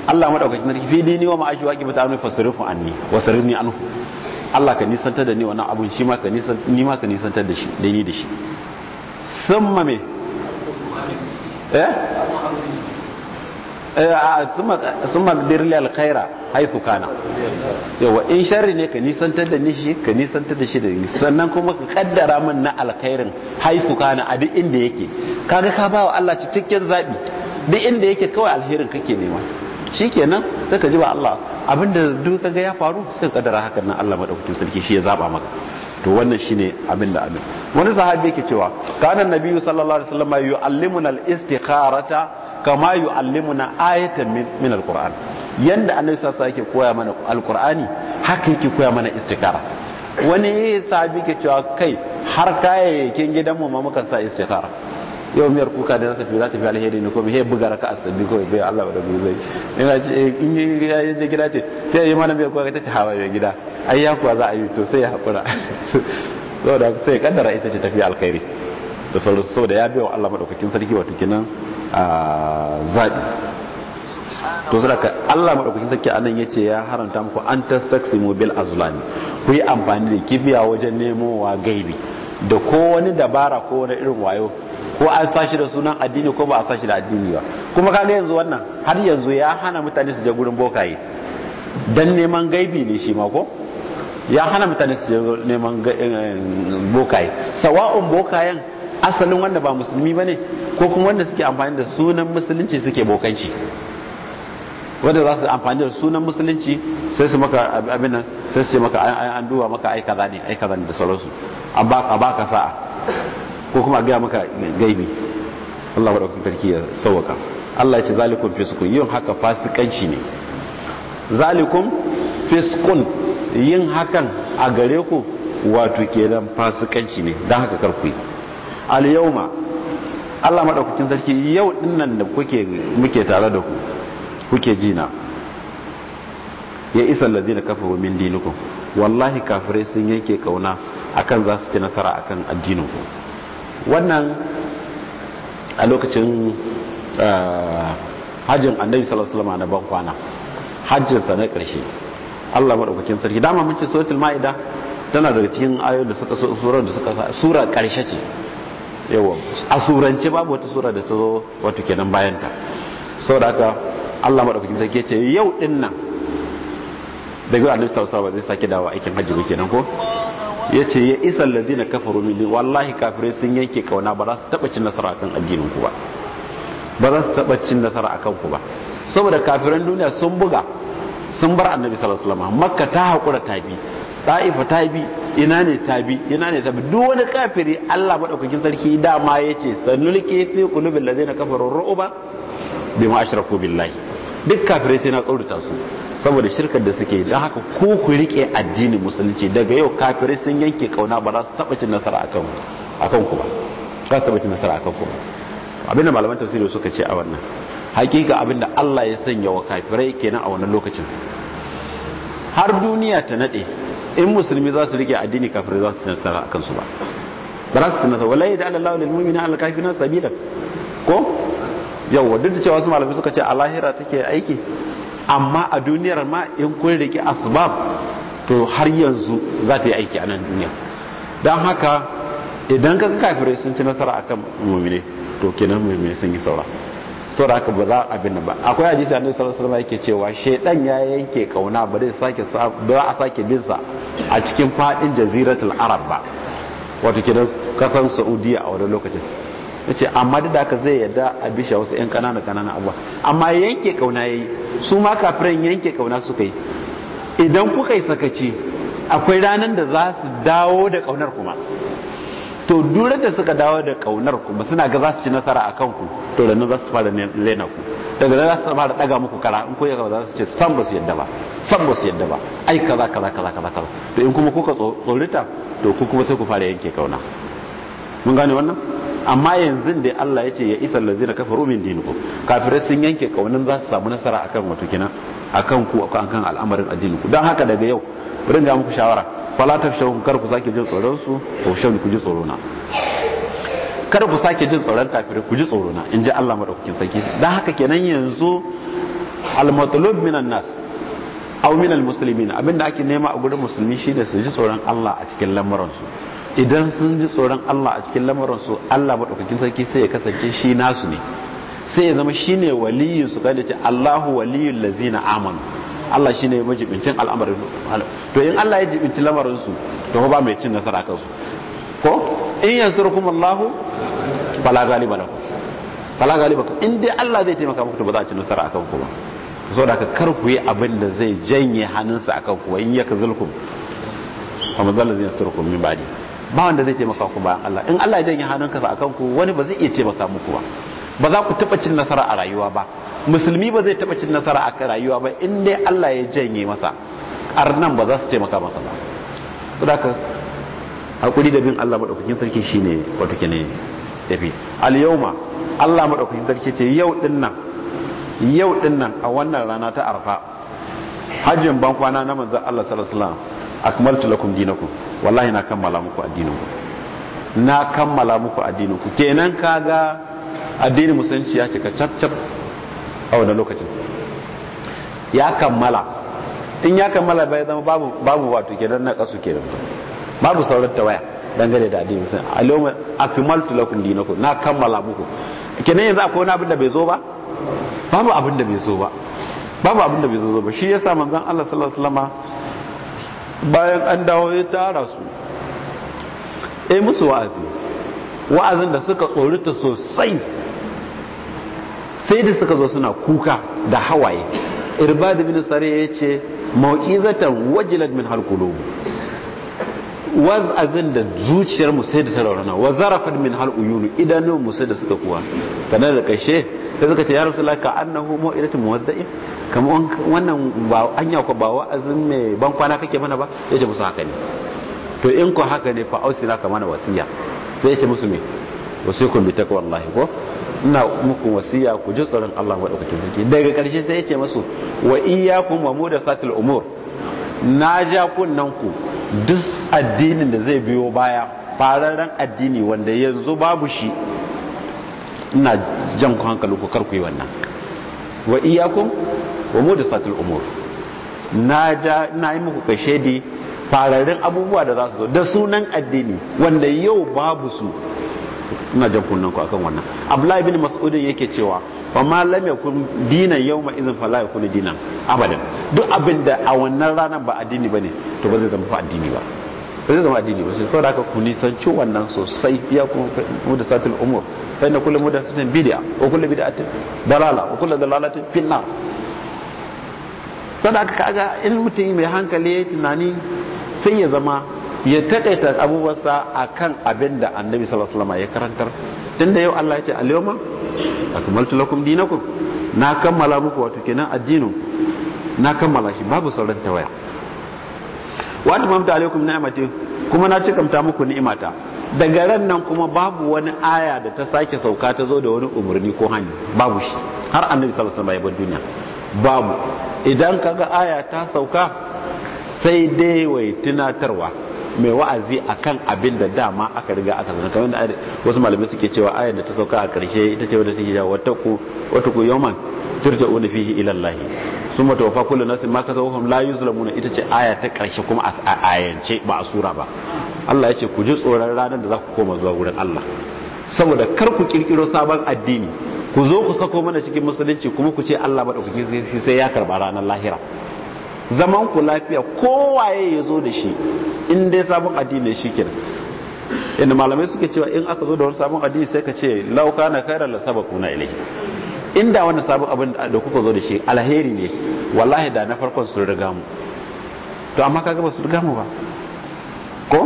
Allah madaukakin sarki fi dini wa ma'ashi wa kibata anu fasarifu anni wasarifni anu Allah ka nisantar da ni wannan abun shi ma ka nisan ni ma ka nisantar da shi da ni da shi summa me eh, eh summa dirli alkhaira haythu kana yawa in sharri ne ka nisantar da ni shi ka nisantar da shi da ni sannan kuma ka kaddara min na alkhairin haythu kana a duk inda yake kaga ka bawa Allah cikakken zabi duk inda yake kawai alherin kake nema shikenan sai ka ji ba Allah abinda duk ga ya faru sai kadara hakan nan Allah madaukakin sarki shi ya zaba maka to wannan shine abin da amin wani sahabi yake cewa kana nabiyyu sallallahu alaihi wasallam yu'allimuna al-istikharata kama yu'allimuna ayatan min al-qur'an yanda annabi sallallahu alaihi yake koya mana al-qur'ani haka yake koya mana istikhara wani sahabi yake cewa kai har kayayyakin gidanmu ma muka sa istikhara yau miyar kuka da zaka fi za ta fi alheri ne ko bai buga ka asabi ko bai Allah ba da gudu zai ina ce eh, in ya je gida ce ta yi mana miyar kuka ta ce hawa ya gida ai ya kuwa za a yi to sai ya hakura da sai kaddara ita ce tafiya alkhairi da sauransu da ya biya wa Allah madaukakin sarki wato kenan a zabi to sadaka Allah madaukakin sarki anan yace ya haranta muku an tastaqsimu bil azlami ku yi amfani da kibiya wajen nemowa gaibi da kowane dabara ko wani irin wayo ko an sashi da sunan addini ko ba a sashi da addini ba kuma kaga yanzu wannan har yanzu ya hana mutane su je gurin bokaye dan neman gaibi ne shi ma ko ya hana mutane su je neman eh, bokaye sawa'un bokayen asalin wanda ba musulmi bane ko kuma wanda suke amfani da sunan musulunci suke bokanci wanda za su amfani da sunan musulunci sai su maka abin nan sai su maka an duba maka aika zane da sauransu a baka sa'a ko kuma a gaya maka gaibi Allah wa ɗaukin sarki ya sauwaka Allah ya ce zalikun fiskun yin haka fasikanci ne zalikun fiskun yin hakan a gare ku wato kenan fasikanci ne don haka karku yi al Allah maɗaukakin sarki yau dinnan da kuke muke tare da ku kuke jina ya isa ladina kafaru min dinikum wallahi kafirai sun yanke kauna akan za su ci nasara akan addinin ku wannan a lokacin ah, hajjin annabi sallallahu alaihi wasallam na ban kwana hajjin sa na karshe Allah madaukakin sarki dama mun ce suratul maida tana daga cikin ayoyin da suka surar da suka sura karshe ce yawa a surance babu wata sura da ta zo wato kenan bayan ta saboda haka Allah madaukakin sarki ce yau din nan daga annabi sallallahu alaihi wasallam zai sake dawo aikin hajji kenan ko ya ce ya isa ladina kafaru mini wallahi kafirai sun yanke kauna ba za su taba cin nasara akan addinin ku ba ba za su taba cin nasara akan ku ba saboda kafiran duniya sun buga sun bar annabi sallallahu alaihi wasallam makka ta hakura ta bi ta'ifa ta bi ina ne ta bi ina ne ta bi duk wani kafiri Allah madaukakin sarki dama ya ce fi qulubil ladina kafaru ru'ba bima ashraku billahi duk kafirai sai na tsorata su saboda shirkar da suke don haka ko ku rike addinin musulunci daga yau kafirai sun yanke kauna ba za su taba cin nasara akan akan ku ba za su taba cin nasara akan ku abinda malaman tafsiri suka ce a wannan hakika abinda Allah ya sanya wa kafirai kenan a wannan lokacin har duniya ta nade in musulmi za su rike addini kafirai za su cin nasara akan su ba ba za su cin nasara wallahi da Allah lil mu'mina al kafirina sabila ko yau duk da cewa su malamai suka ce a lahira take aiki amma a duniyar ma in kun ke asbab to har yanzu za ta yi aiki a nan duniya don haka idan ka kafirai sun ci nasara akan mumine to kenan mumine sun yi saura saboda haka ba za abin nan ba akwai hadisi annabi sallallahu alaihi wasallam yake cewa shaidan ya yanke kauna ba zai sake ba a sake bin sa a cikin fadin jaziratul arab ba wato kenan kasan saudiya a wani lokacin yace amma duk da aka zai yadda a bisha wasu yan kanana kanana abuwa amma yanke kauna yayi su ma kafiran yanke kauna suka yi idan kuka yi sakaci akwai ranar da za su dawo da kaunar kuma to durar da suka dawo da kaunar kuma suna ga za su ci nasara a ku to da za su fara lena ku daga za su fara daga muku kara in kuka za su ce san ba su yadda ba san ba su yadda ba ai kaza kaza kaza kaza kaza to in kuma kuka tsorita to ku kuma sai ku fara yanke kauna mun gane wannan amma yanzu da Allah ya ce ya isa lazina kafaru min dinikum kafirai sun yanke kaunin za su samu nasara akan wato kina akan ku akan al'amarin addinin ku don haka daga yau bari ga muku shawara fala tafshawun kar ku sake jin tsoron su to shawun ku ji tsoro na kar ku sake jin tsoron kafirai ku ji tsoro na in ji Allah madaukakin sarki don haka kenan yanzu al-matlub minan nas aw minal muslimin abinda ake nema a gurin musulmi shine su ji tsoron Allah a cikin su idan sun ji tsoron Allah a cikin lamarinsu Allah maɗaukakin sarki sai ya kasance shi nasu ne sai ya zama shine ne waliyun su kada ce Allahu waliyun lazina amanu Allah shine ne majibincin al'amarin to in Allah ya jibinci lamarinsu to ba mai cin nasara kansu ko in yansurkum Allahu fala galiba lakum fala galiba in dai Allah zai taimaka muku to ba za a ci nasara akan ku ba saboda ka kar ku yi abin da zai janye hannunsa akan ku in yakzulkum fa madalla zai yasturkum min ba'di ba wanda zai taimaka ku bayan Allah in Allah ya janye hannunka a kanku wani ba zai iya taimaka muku ba ba za ku taɓa cin nasara a rayuwa ba musulmi ba zai taɓa cin nasara a rayuwa ba in dai Allah ya janye masa arnan ba za su taimaka masa ba saboda hakuri da bin Allah madaukakin sarki shine wato kene yafi al yawma Allah madaukakin sarki ce yau din nan yau din nan a wannan rana ta arfa hajjin ban kwana na manzon Allah sallallahu alaihi wasallam akmaltu lakum dinakum wallahi na kammala muku addininku na kammala muku addininku kenan kaga addinin musulunci ya cika cap cap a wannan lokacin ya kammala in ya kammala bai zama babu babu wato kenan na kasu kenan babu sauran tawaya dangane da addinin musulunci a yawma akmaltu lakum dinakum na kammala muku kenan yanzu akwai wani abin da bai zo ba babu abin da bai zo ba babu abin da bai zo ba shi yasa manzon Allah sallallahu alaihi wasallama bayan an dawo ya tara su e musu wa'azi wa'azin da suka tsorita sosai sai da suka zo suna kuka da hawaye da binin sare ya ce zata wajilat min halqulub wazazin da zuciyar mu da ta wa zarafat min hal uyunu idanun mu da suka kuwa sanar da kashe ta suka ce ya rasulullah ka annahu mu'iratu muwadda'i Kama wannan ba anya ko ba wa'azin mai ban kwana kake mana ba ce musu haka ne to in ko haka ne fa ausina ka mana wasiya sai ce musu me wasikum bi taqwallahi ko ina muku wasiya ku ji tsoron Allah madaukakin sarki daga karshe sai yace musu wa iyyakum wa mudasatil umur na ja kunnan ku duk addinin da zai biyo baya fararen addini wanda yanzu babu shi ina jan ku hankali ku karku yi wannan wa iyakum wa mudasatul umur na ja na yi muku di fararen abubuwa da za su zo da sunan addini wanda yau babu su ina jan kunnan ku akan wannan abdullahi bin mas'udin yake cewa fa ma lam yakun dinan yawma idhin fala yakun dinan abadan duk abinda a wannan ranar ba addini bane to ba zai zama fa addini ba ba zai zama addini ba sai saboda haka ku nisanci wannan sosai ya kuma mudasatul umur fa inna kullu mudasatin bid'a wa kullu bid'atin dalala wa kullu dalalatin finnar saboda ka kaga in mutum mai hankali ya tunani sai ya zama ya takaita abubuwarsa akan abin da annabi sallallahu alaihi wasallam ya karantar tunda yau Allah ya ce al-yawma akmaltu lakum dinakum na kammala muku wato kenan addinin na kammala shi babu sauran tawaya wa atmamtu alaikum ni'mati kuma na cikamta muku ni'imata daga ran nan kuma babu wani aya da ta sake sauka ta zo da wani umarni ko hanyar babu shi har annabi sallallahu alaihi wasallam duniya babu idan kaga aya ta sauka sai dai wai tunatarwa mai wa'azi a kan abin da dama aka riga aka zana kamar da wasu malamai suke cewa ayar da ta sauka a karshe ita ce wadda take ku wataku wataku yawman una fihi ila Allah summa tawaffa kullu nafsin ma kasabahum la yuzlamuna ita ce aya ta karshe kuma a ayance ba a sura ba Allah ya ce ku ji tsoron ranar da za ku koma zuwa wurin Allah saboda kar ku kirkiro sabon addini ku zo ku sako mana cikin musulunci kuma ku ce Allah ku madaukakin sai ya karba ranar lahira zaman ku lafiya kowaye ya zo da shi in dai sabon addini shi kenan inda malamai suka cewa in aka zo da wani sabon addini sai ka ce lauka na kairar la saba kuna ilai inda wani sabon abin da kuka zo da shi alheri ne wallahi da na farkon su riga mu to amma kaga ba su riga mu ba ko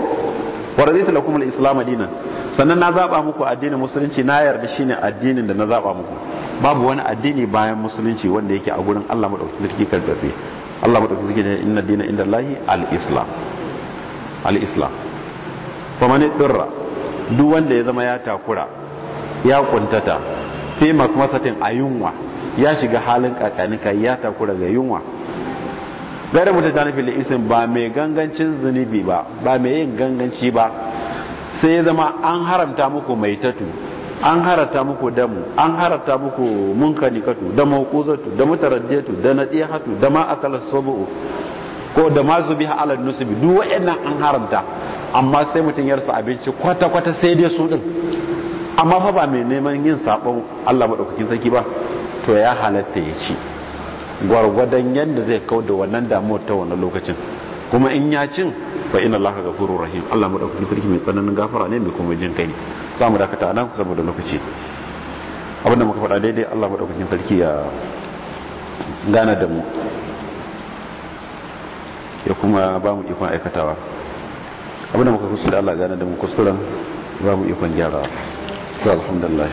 wa raditu lakum al-islam dinan sannan na zaba muku addinin musulunci na yarda shine addinin da na zaba muku babu wani addini bayan musulunci wanda yake a gurin Allah madaukakin sarki karbabe Allah madaukakin sarki ne inna dina inda lahi al-islam al-islam fa dirra duk wanda ya zama ya takura ya kuntata fi a yunwa ya shiga halin kakanika ya takura ga yunwa gare mutum ta nufi isin ba mai gangancin zunubi ba ba mai yin ganganci ba sai ya zama an haramta muku mai tatu an harata muku damu an harata muku munkanikatu da mawquzatu da mutaraddiyatu da nadihatu da ma akala sabu ko da ma ala nusbi duk wayannan an haramta amma sai mutun yarsa abinci kwata kwata sai dai su din amma fa ba mai neman yin sabon Allah madaukakin sarki ba to ya halatta ya ci gwargwadon yadda zai kau da wannan damuwar ta wannan lokacin kuma in ya cin fa inna allaha ghafurur rahim Allah madaukakin sarki mai tsananin gafara ne mai kuma jin kai ne za mu dakata nan saboda lokaci abinda muka faɗa daidai Allah maɗaukakin sarki ya gana da mu ya kuma ba mu ikon aikatawa abinda muka da Allah gana da mu kusuran ba mu ikon gyara to alhamdulillah